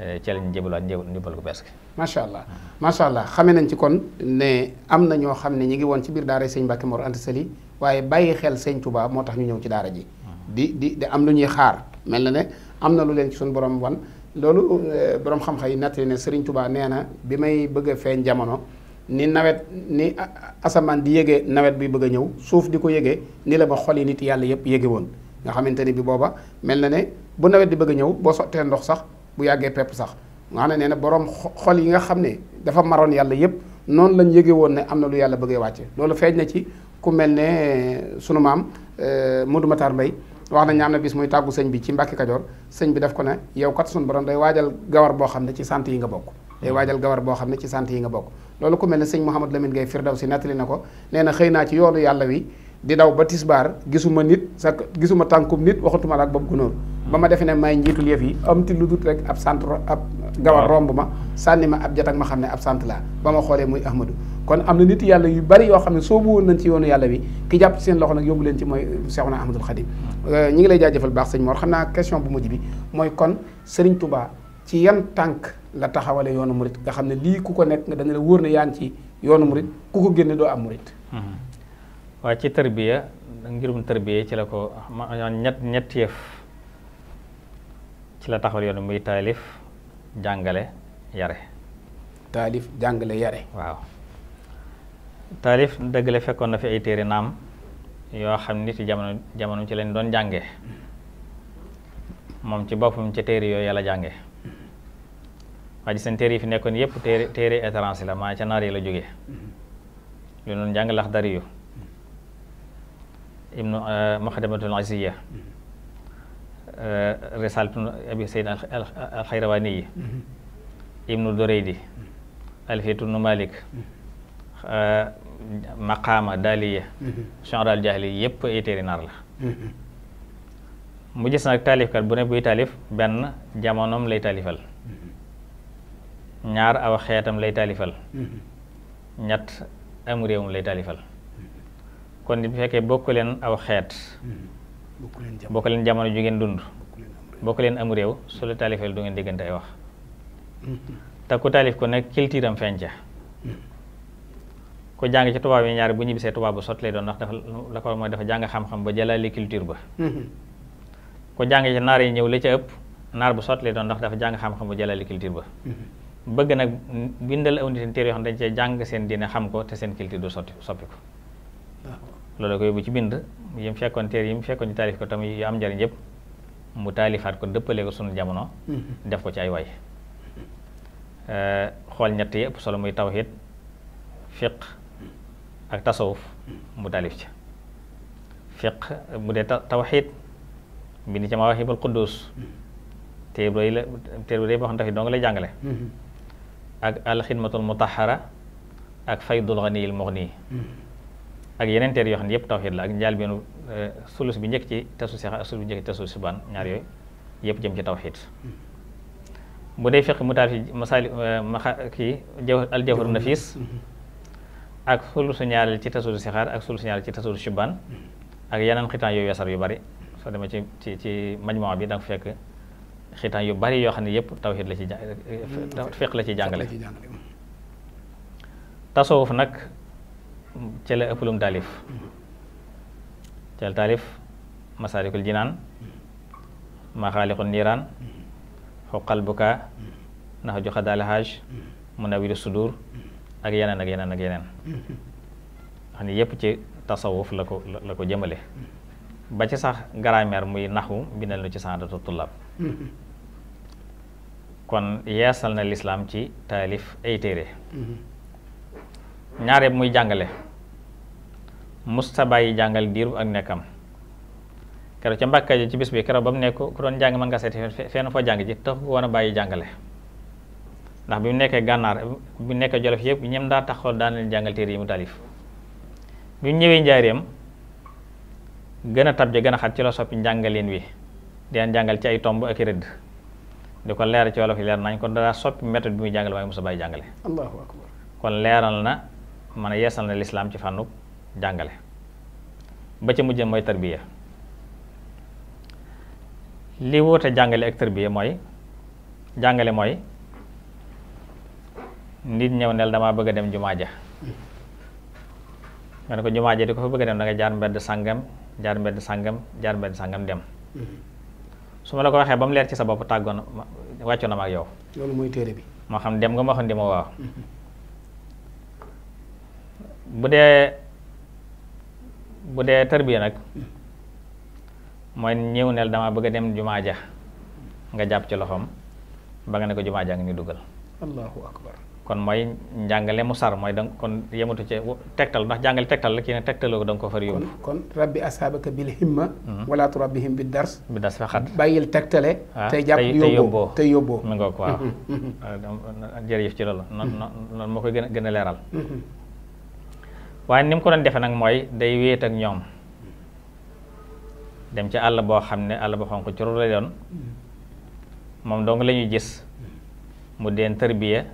[SPEAKER 4] Eh, ci lañ jébalaat njébal ko bees gi
[SPEAKER 3] macha allah macha allah xame nañ ci kon ne am na ñoo xam ne ñu ngi woon ci biir daara sëñ Mbàkke Mor Anta Sali waaye bàyyi xel sëñ tubaa moo tax ñu ñëw ci daara ji hmm. di di di am lu ñuy xaar mel na ne am na lu leen ci suñ borom wan loolu eh, borom xam-xam yi natt ne Serigne Touba nee na bi may bëgg a feeñ jamono ni nawet ni asamaan di yëgee nawet bi bëgg ñëw suuf di ko yëgee ni la ba xol yi nit yàlla yëpp yëge woon nga xamante ni bi booba mel na ne bu nawet di bëgg ñëw boo sottee ndox sax bu yàggee pepp sax nga na ne nee na borom xol yi nga xam ne dafa maroon yàlla yëpp noonu lañ yëge woon ne am na lu yàlla bëggee wàcce loolu feeñ na ci ku mel ne euh, sunu maam euh, Modou Matar Mbaye wax nañ ñaam na bis muy tàggu sëñ bi ci Mbàkke Kajoor sëñ bi daf ko ne yow kat sunu borom day waajal gawar boo xam ne ci sant yi nga bokk day waajal gawar boo xam ne ci sant yi nga bokk loolu ku mel ne sëñ Mouhamadou Lamine Gueye Firdaw si nettali na ko nee na xëy naa ci yoonu yàlla wi di daw ba tisbaar gisuma nit sa gisuma tànkum nit waxatuma laak boobu gunóor ba ma defe ne may njiitul yëf yi am ti lu dut rek ab sant ab gawar romb ma sànni ma ab jat ak ma xam ne ab sant laa ba ma xoolee muy ahmadu kon am na nit yàlla yu bari yoo xam ne soobu woon nañ ci yoonu yàlla bi ki jàpp seen loxo nag yóbbu leen ci mooy Seexuna Ahmadul Xadim euh, ñi ngi lay jaajafal baax sëñ Mor xam naa question bu mujj bi mooy kon Sëriñ Tuubaa ci yan tànk la taxawale yoonu murit nga xam ne lii ku ko nekk nga dana la wóor ne yaa ngi ci yoonu murit ku ko génne doo am murit
[SPEAKER 4] hmm. waa ci tërbiya ngirum tërbiya ci la ko ñett ñett yëf ci la taxawal yoon muy taalif jàngale yare
[SPEAKER 3] taalif jàngale yare
[SPEAKER 4] waaw taalif dëgg fekkoon na fi ay téere naam yoo xam ni jamono jamono ci lañ doon jànge moom ci boppam ci téere yooyu yàlla jànge waaye seen téere yi fi nekkoon yëpp téere téere étranger la maa ca naar yi la jóge yu noonu jàng lax dari yu ibnu eh, muxadamatul asiya eh, risalatun abi sayd alxayrawaani yi ibnu doreydi alfiyatun malik eh, maqaama daaliya chenral jaahili yëpp ay la mu gis nag taalifkat bu ne buy taalif benn jamonoom lay taalifal ñaar aw xeetam lay taalifal ñett am réewum lay taalifal kon bu fekkee bokk leen aw xeet hmm. bokk leen jamono ju ngeen dund bokk leen am réew su la taalifee du ngeen diggante ay wax hmm. te ku taalif ko nag culture am feeñ ca hmm. ku jàng ci tubaab yi ñaar bu ñibbisee tubaab bu sot lay doon ndax dafa la ko mooy dafa jàng xam-xam ba jëlaale culture ba ku naar yi ñëw la ca ëpp naar bu sot doon ndax dafa jàng xam-xam ba jëlaale culture ba bëgg nag bindal aw nit téere yoo xam dañ cee jàng seen dina xam ko te seen culture du sotti soppi ko loolu ko yóbbu ci bind yi mu fekkoon teer yi mu fekkoon ñu taalif ko tam yu am njariñ yëpp mu taalifaat ko dëppale ko sunu jamono mm-hmm. def ko ci ay way euh, xool ñett yëpp solo muy tawhid fiq ak tasawuf mu taalif ci fiq bu dee tawhid bind ci Mawaahibul Quddus mm-hmm. téer bu la téer bu day boo xam tawhid dong lay jàngale mm-hmm. ak alxidmatul mutahara ak faydul ganiyil mughni ak yeneen teer yoo xam ne yëpp tawxiid la ak njaal beenu euh, sulus bi njëkk ci tasu sixaan ak sulus bi njëkk ci tasu sibaan ñaar yooyu yëpp jëm ci tawxiid bu dee fiq mu taal fi masaali euh, kii jaw al jawharu nafiis ak sulusu ñaareel ci tasul sixaar ak sulusu ñaareel ci tasul shibaan ak yeneen xitaan yooyu yasar yu bari soo demee ci ci ci majmuwa bi da fekk xitaan yu bari yoo xam ne yëpp tawxiid la ci jàng mm-hmm. fiq la ci jàngale tasawuf nag ci la ëpp lum taalif ci la taalif jinaan ma xaaliqul niiraan xoqal bukaa ndax joxa daal hajj mun a wiru sudur ak yeneen ak yeneen ak
[SPEAKER 2] xam
[SPEAKER 4] ne yépp ci tasawuf la ko la ko jëmale ba ci sax grammaire muy naxu bindal nu ci saadatu tullaab kon yeesal na lislaam ci taalif ay téere ñaare muy jàngale musta bàyyi jàngal diiru ak nekkam keroog ca mbàkka ji ci bis bi keroog ba mu nekk ku doon jàng mën nga seeti fenn foo jàng ji tax ko woon a bàyyi jàngale ndax bi mu nekkee gànnaar bi mu jolof yëpp ñem daa taxool daan leen téere yi mu taalif bi mu ñëwee njaareem gën a tab ja gën a xat ci la soppi njàngaleen wi di daan jàngal ci ay tomb ak rëdd di ko leer ci wolof yi leer nañ kon daa soppi méthode bi muy jàngale waaye musa bàyyi jàngale kon leeral na mën a yeesal na lislaam ci fanu jàngale ba ci mujj mooy tarbiya li wuute jàngale ak tarbiya mooy jàngale mooy nit ñëw nel damaa bëgg a dem jumaa ja nga ne ko jumaa ja di ko fa bëgg a dem da nga jaar mbedd sàngam jaar mbedd sàngam jaar mbedd sàngam dem mm-hmm. su ma la ko waxee ba mu leer ci sa bopp tàggoon wàccu na ma yow moo xam dem nga moo xam di ma waaw mm-hmm. bu dee bu dee tarbiya nag mooy ñëw nel damaa bëgg a dem jumaaja nga jàpp ci loxoom ba nga ne ko jumaa ja nga ñu dugal allahu akbar kon mooy njàngale mu sar mooy danga kon yematu ci tegtal ndax jàngale tegtal la kii ne tegtaloo ko da nga ko far yóbbu
[SPEAKER 3] kon rabbi asaabaka bil himma hmm. wala turabbihim bi dars bi dars faqat bàyyil tegtale ah, tey jàpp yóbboo
[SPEAKER 4] tey yóbboo mi hmm, hmm, ah, ci lolo noonu noonu moo koy gën a gën a leeral waaye ni mu ko doon defe nag mooy day wéet ak ñoom dem ci àll boo xam ne àll boo xonq curu la doon moom dong la ñuy gis mu deen tërbiya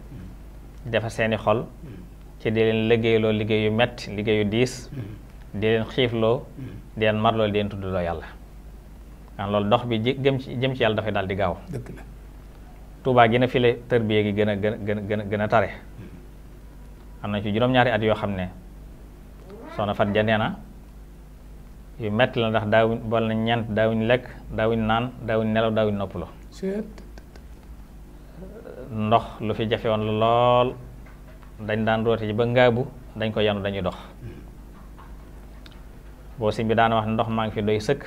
[SPEAKER 4] defe seeni xol ci di leen liggéeyloo liggéey yu metti liggéey yu diis di leen xiifloo di leen marloo di leen tuddloo yàlla an loolu dox bi jëm jëm ci yàlla dafay daal di gaaw tuubaa gi na fi la tërbiya gi gën a gën a gën a gën a tare am na ci juróom-ñaari at yoo xam ne soxna Fat ja na yu metti la ndax daawuñ bool na ñeent daawuñ lekk daawuñ naan daawuñ nelaw daawuñ noppalu ndox lu fi jafe woon lool dañ daan roote ji ba ngaabu dañ koy yanu dañuy dox boo si bi daan wax ndox maa ngi fi doy sëkk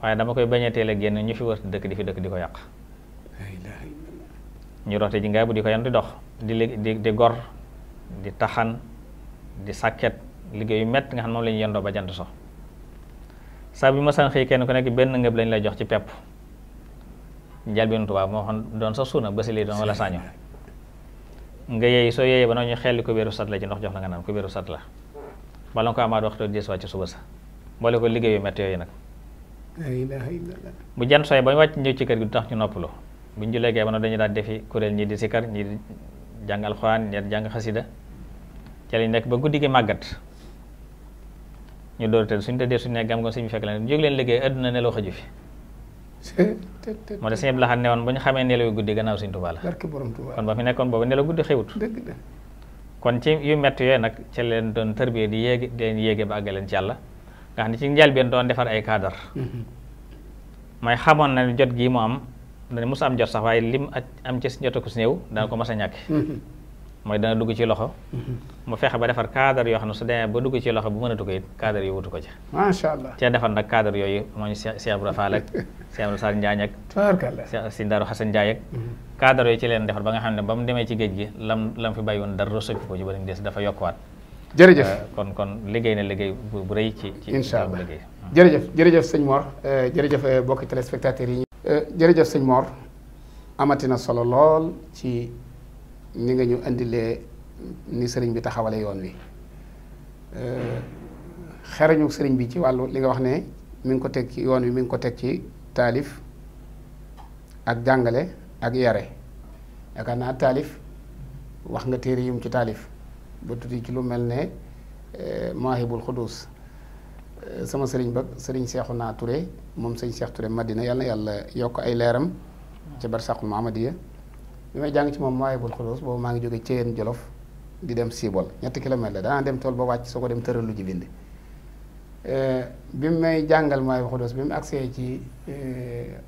[SPEAKER 4] waaye dama koy bañ a teel a génn ñu fi wër dëkk di fi dëkk di ko yàq ñu roote ji ngaabu di ko yanu di dox di di di gor di taxan di sàkket liggéey yu mett nga xam moom la ñuy yendoo ba jant so saa bi ma san xëy kenn ku nekk benn ngëb lañ lay jox ci pepp njëlbeenu tubaab moo xam doon sa suuna ba si lii doon wala saño nga yeey soo yeeyee ba noonu ñu xelli ko béeru sat la ci ndox jox la nga naan ko la bala nga ko amaat suba sa boole ko liggéey yu métti yooyu nag bu jant sooy ba wàcc ñëw ci kër gi du tax ñu noppalu bu ñu jullee gee ba noonu daal defi kuréel ñii di sikar ñii di jàng alxuraan ñii di jàng xasida ca lañ ba guddi màggat ñu door tëdd suñu tëddee suñu nekk gam gam suñu fekk leen jóg leen liggéey adduna ne xaju fi moo tax sëñ bi laxat ne woon bu ñu xamee nelaw guddi gannaaw suñ Tuubaa la kon ba fi nekkoon boobu nelaw guddi xewut kon ci yu mett yooyu nag ci leen doon tërbiyee di yéegi yéege ba àggaleen ci yàlla nga xam ci njëlbeen doon defar ay cadre mm-hmm. mooy xamoon na jot gii mu am dana mos am jot sax waaye lim am ci jotaku si néew dana ko mas a ñàkk mm-hmm. mooy dana dugg ci loxo mhm. mu fexe ba defar cadre yoo xam ne su demee ba dugg ci loxo bu mënatu ko it cadre yu wutu ko ca macha allah cee defar nag cadre yooyu mooy Cheikh Ibra Fall ak *laughs* Cheikh Abdou Sall Ndiagne ak Sëñ Daaru Xasan Ndiaye ak mhm. cadre yooyu ci leen defar ba nga xam ne ba mu demee ci géej gi la lam fi bàyyi woon dara soppi ko ci ba des dafa yokkuwaat jërëjëf euh, kon kon liggéey na liggéey bu rëy ci ci incha allah liggéey
[SPEAKER 3] hmm. jërëjëf jërëjëf sëñ Mor euh, jërëjëf euh, bokki téléspectateurs yi jërëjëf sëñ Mor amatina solo lool ci ni nga ñu indilee ni sëriñ bi taxawale yoon wi euh, xerañu sëriñ bi ci wàllu li nga wax ne mi ngi ko teg ci yoon wi mi ngi ko teg ci taalif ak jàngale ak yare yaakaar naa taalif wax nga téere yum ci taalif ba tuddi ci lu mel ne euh, maahibul xudus euh, sama sëriñ ba sëriñ seexu naa ture moom sëñ Seex Touré Madina yàlla na yàlla yokk ay leeram ci barsaqul Muhammadiyya bi may jàng ci moom Mawaahibul Xudus boobu maa ngi jóge Thièyène Jolof di dem Sibol ñetti kilomètre la danaa dem tool ba wàcc soo ko dem tëralu ji bind eh, bi may jàngal Mawaahibul Xudus bi mu agsee ci eh,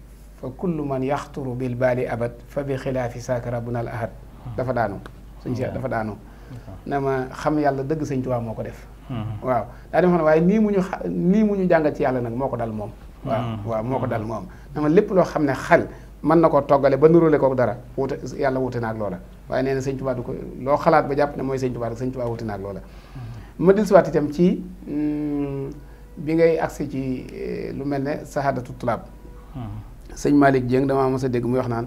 [SPEAKER 3] fa kullu man yaxturu bil baali abad fa bi xilaafi saaka rabbuna al ahad dafa daanu suñ Cheikh dafa daanu na ma xam yàlla dëgg sëñ waa moo ko def hmm. waaw daa dem xam ne waaye nii mu ñu xa nii mu ñu jàngal ci yàlla nag moo ko dal moom hmm. waaw waaw moo ko dal moom na mën na koo toggale ba nurule kook dara wute yàlla wute naag loola waaye nee na sëñ Tuubaa ko loo xalaat ba jàpp ne mooy sëñ Tuubaa sëñ Tuubaa wute naag loola ma dellusiwaat itam ci mm, bi ngay agsi ci eh, lu mel ne sahaadatu tulaab sëñ Malick Dieng dama mos a dégg muy wax naan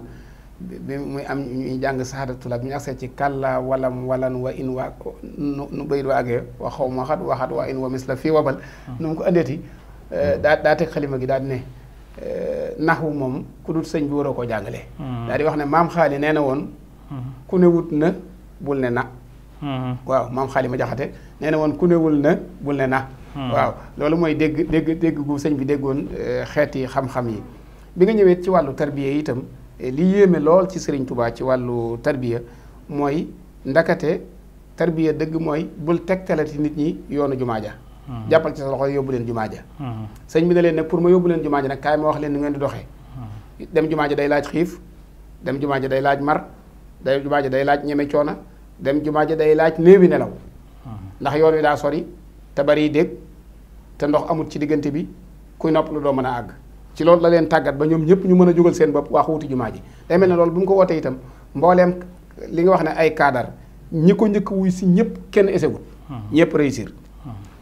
[SPEAKER 3] bi muy am ñuy jàng sahaadatu tulaab bi ñu agsee ci kàlla walam walan wa in wa nu bayit wa agee wa xaw ma xat waxat wa in wa mis fii wabal hmm. nu mu ko andeeti eh, daa daa teg xalima gi daal ne wu euh, moom ku dul sëñ bi waroo koo jàngale hmm. daal wax ne maam xaali nee na woon hmm. ku ne wut na bul ne na hmm. waaw maam xaali ma jaxate nee na woon ku newul na bul ne na waaw loolu mooy dégg dégg dégg gu sëñ bi déggoon euh, xeeti xam-xam yi bi nga ñëwee ci wàllu tarbiya itam eh, li yéeme lool ci sëriñ Touba ci wàllu tarbiya mooy ndakate tarbiya dëgg mooy bul teg tegtalati nit ñi yoonu jumaa ja Mm-hmm. jàppal ci sa loxo yóbbu leen jumaa ja mm-hmm. sëñ bi ne leen nag pour ma yóbbu leen jumaa ja nag kaay ma wax leen ni ngeen di doxee mm-hmm. dem jumaa ja day laaj xiif dem jumaa ja day laaj mar dem jumaa ja day laaj ñeme coona dem jumaa ja day laaj néewi nelaw ndax yoon wi daa sori te bari dégg te ndox amut ci diggante bi kuy nopp lu doo mën a àgg ci loolu la leen tàggat ba ñoom ñëpp ñu mën a jógal seen bopp waa xuuti jumaa ji day mel ne loolu bu mu ko wootee itam mbooleem li nga wax ne ay kaadar ñi ko njëkk wuy si ñëpp kenn esewut ñëpp réussir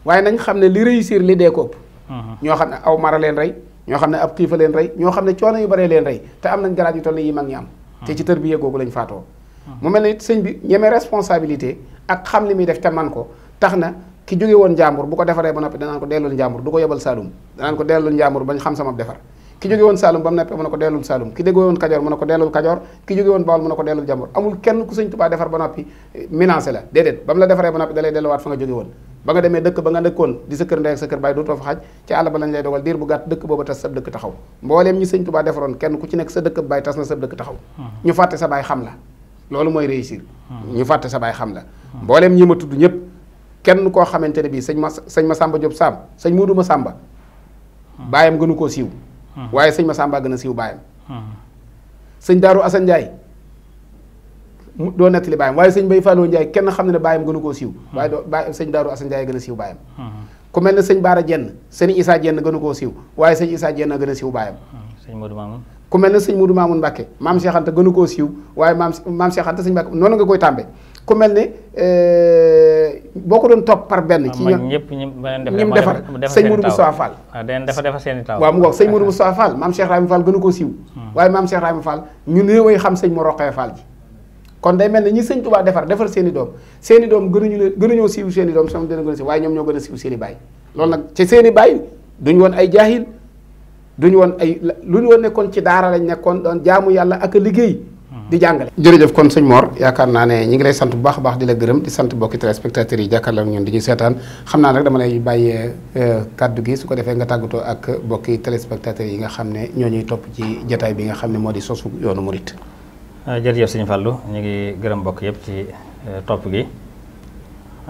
[SPEAKER 3] waaye nañ xam ne li réussir li dee ko ëpp uh-huh. ñoo xam ne aw mara leen rey ñoo xam ne ab xiifa leen rey ñoo xam ne coono yu baree leen rey te am nañ garaat yu toll ne yi mag ñi am uh-huh. te ci tër bi yeegoogu lañ faatoo uh-huh. mu mel ne sëñ bi ñemee responsabilité ak xam li muy def te man ko tax na ki jóge woon njàmbur bu ko defaree ba noppi danaan ko dellul njàmbur du ko yebal Saalum danaan ko dellul njàmbur bañ xam sama defar ki jóge woon Saalum ba mu neppe mu ne ko dellul Saalum ki jóge woon Kajoor mu ne ko dellul Kajoor ki jóge woon Bawol mu ne ko amul kenn ku sëñ Tuubaa defar ba noppi eh, minancé la déedéet ba mu la defaree ba noppi da lay delluwaat fa nga jóge woon ba nga demee dëkk ba nga dëkkoon di sa kër ndey ak sa kër baay dootoo fa xaj ci àll ba lañ lay dogal diir bu gàtt dëkk booba tas sa dëkk taxaw mbooleem ñi sëñ Tuubaa defaroon kenn ku ci nekk sa dëkk baay tas na sa dëkk taxaw hmm. ñu fàtte sa baay xam hmm. xam la hmm. mbooleem ñi tudd ñëpp kenn koo xamante ne bii sëñ ma sëñ ma Samba Diop Samb sëñ Muudu ma Samba baayam gënu koo siiw Hmm. waaye sëñ Massamba gën a siiw baayam. Hmm. sëñ daaru Assane Ndiaye mu doo nettali baayam waaye sëñ Bay Fallou Ndiaye kenn xam na ne baayam gënu koo siiw. Hmm. waaye doo baay sëñ Darou Assane Ndiaye gën a mel ne sëñ Baara Jenn sëñ Issa Jenn gënu koo siiw waaye sëñ Issa Jenn gën a siiw baayam. sëñ Modou Mamoun. ku mel ne sëñ Modou Mamoun Mbacke maam Cheikh Anta gënu koo siiw waaye maam maam Cheikh Anta sëñ Mbacke noonu nga koy tàmbee ku mel ni euh, boo ko doon topp par benn. ci ñoom
[SPEAKER 4] ñëpp ñi defar sëñ Mourou Moussa Fall. Ah, dafa defar seen i taw waaw mu wax sëñ
[SPEAKER 3] Mourou Moussa Fall maam Cheikh Rahim Fall gënu ko siiw. Hmm. waaye maam Cheikh Rahim Fall ñu néeway xam sëñ mu roqee Fall ji. kon day mel ne ñi sëñ Tuubaa defar defar seen i doom seen i doom gënuñu leen gënuñoo siiw seeni i doom sama dina gën a siiw waaye ñoom ñoo gën a siiw seen i baay loolu nag ci seen i baay duñu woon ay jaahil duñu woon ay lu ñu woon nekkoon ci daara lañ nekkoon jaamu yàlla ak liggéey di jàngale. jërëjëf kon sëñ Mor yaakaar naa ne ñi ngi lay sant bu baax baax di la gërëm di sant bokki téléspectateurs yi jàkkaarloo ak ñun di ñu seetaan xam naa rek dama lay bàyyee euh, kàddu gi su ko defee nga tàggatoo ak bokki téléspectateurs yi nga xam ne ñoo ñuy topp ci jataay bi nga xam ne moo di sosu yoonu murit
[SPEAKER 4] euh, jërëjëf sëñ Fallou ñu ngi gërëm bokk yëpp ci euh, topp gi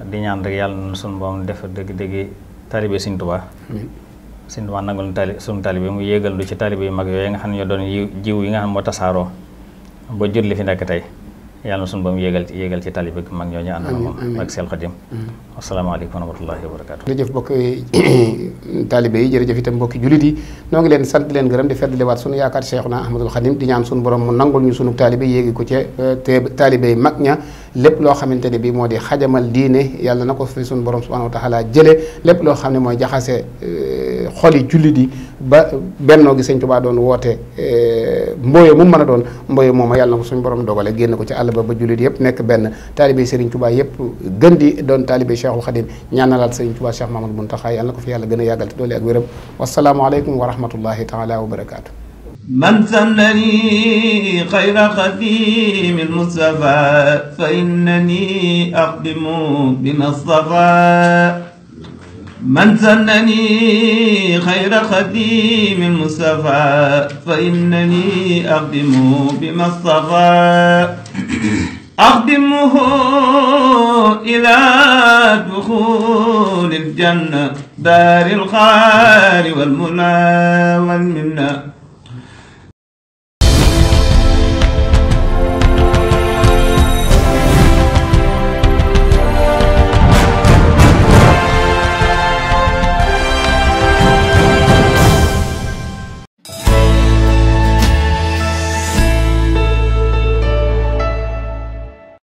[SPEAKER 4] di ñaan rek yàlla na suñu boom def dëgg-dëgg taalibe sëñ Tuubaa sëñ Tuubaa nangul suñu taalibe mu yéegal lu ci taalibe yu mag yooyu nga xam ne ñoo doon jiw yi nga xam ne tasaaroo boo jur li fi nekk tey yàlla na suñu ba mu yéegal yéegal ci tali bi mag ñoo ñu ànd na moom ak Seex Xadim
[SPEAKER 3] mm-hmm.
[SPEAKER 4] asalaamaaleykum wa rahmatullahi wa barakaatu
[SPEAKER 3] jërëjëf mbokk *coughs* taalibe yi jërëjëf itam mbokki julit yi noo leen sant leen gërëm di feddaliwaat sunu yaakaar Seexuna Ahmadul Xadim di ñaan sunu borom mu nangul ñu sunu taalibe yéegi ko ci eh, taalibe mag ña lépp loo xamante ne bii moo di xajamal diine yàlla na ko fi suñu borom subhanahu wa taala lépp loo xam ne mooy jaxase euh, xoli jullit yi ba bennoo gi sëñ Tuubaa doon woote euh, mbooyo mu mën a doon mbooyo mooma yàlla na ko suñu borom dogale génn ko ci àll ba ba jullit yëpp nekk benn taalibe Sëriñ Tuubaa yëpp gën di doon taalibe Cheikhul Khadim ñaanalaat Sëriñ Tuubaa Cheikh Mamadou Muntaxa yàlla na ko fi yàlla gën a yàggal te doole ak wéram wasalaamualeykum wa rahmatullahi taala wa barakaatu
[SPEAKER 1] من سنني خير خديم المصطفى فإنني أقدم بما اصطفى من سنني خير خديم المصطفى فإنني أقدم بما اصطفى أقدمه إلى دخول الجنة دار الخير والمنى والمنى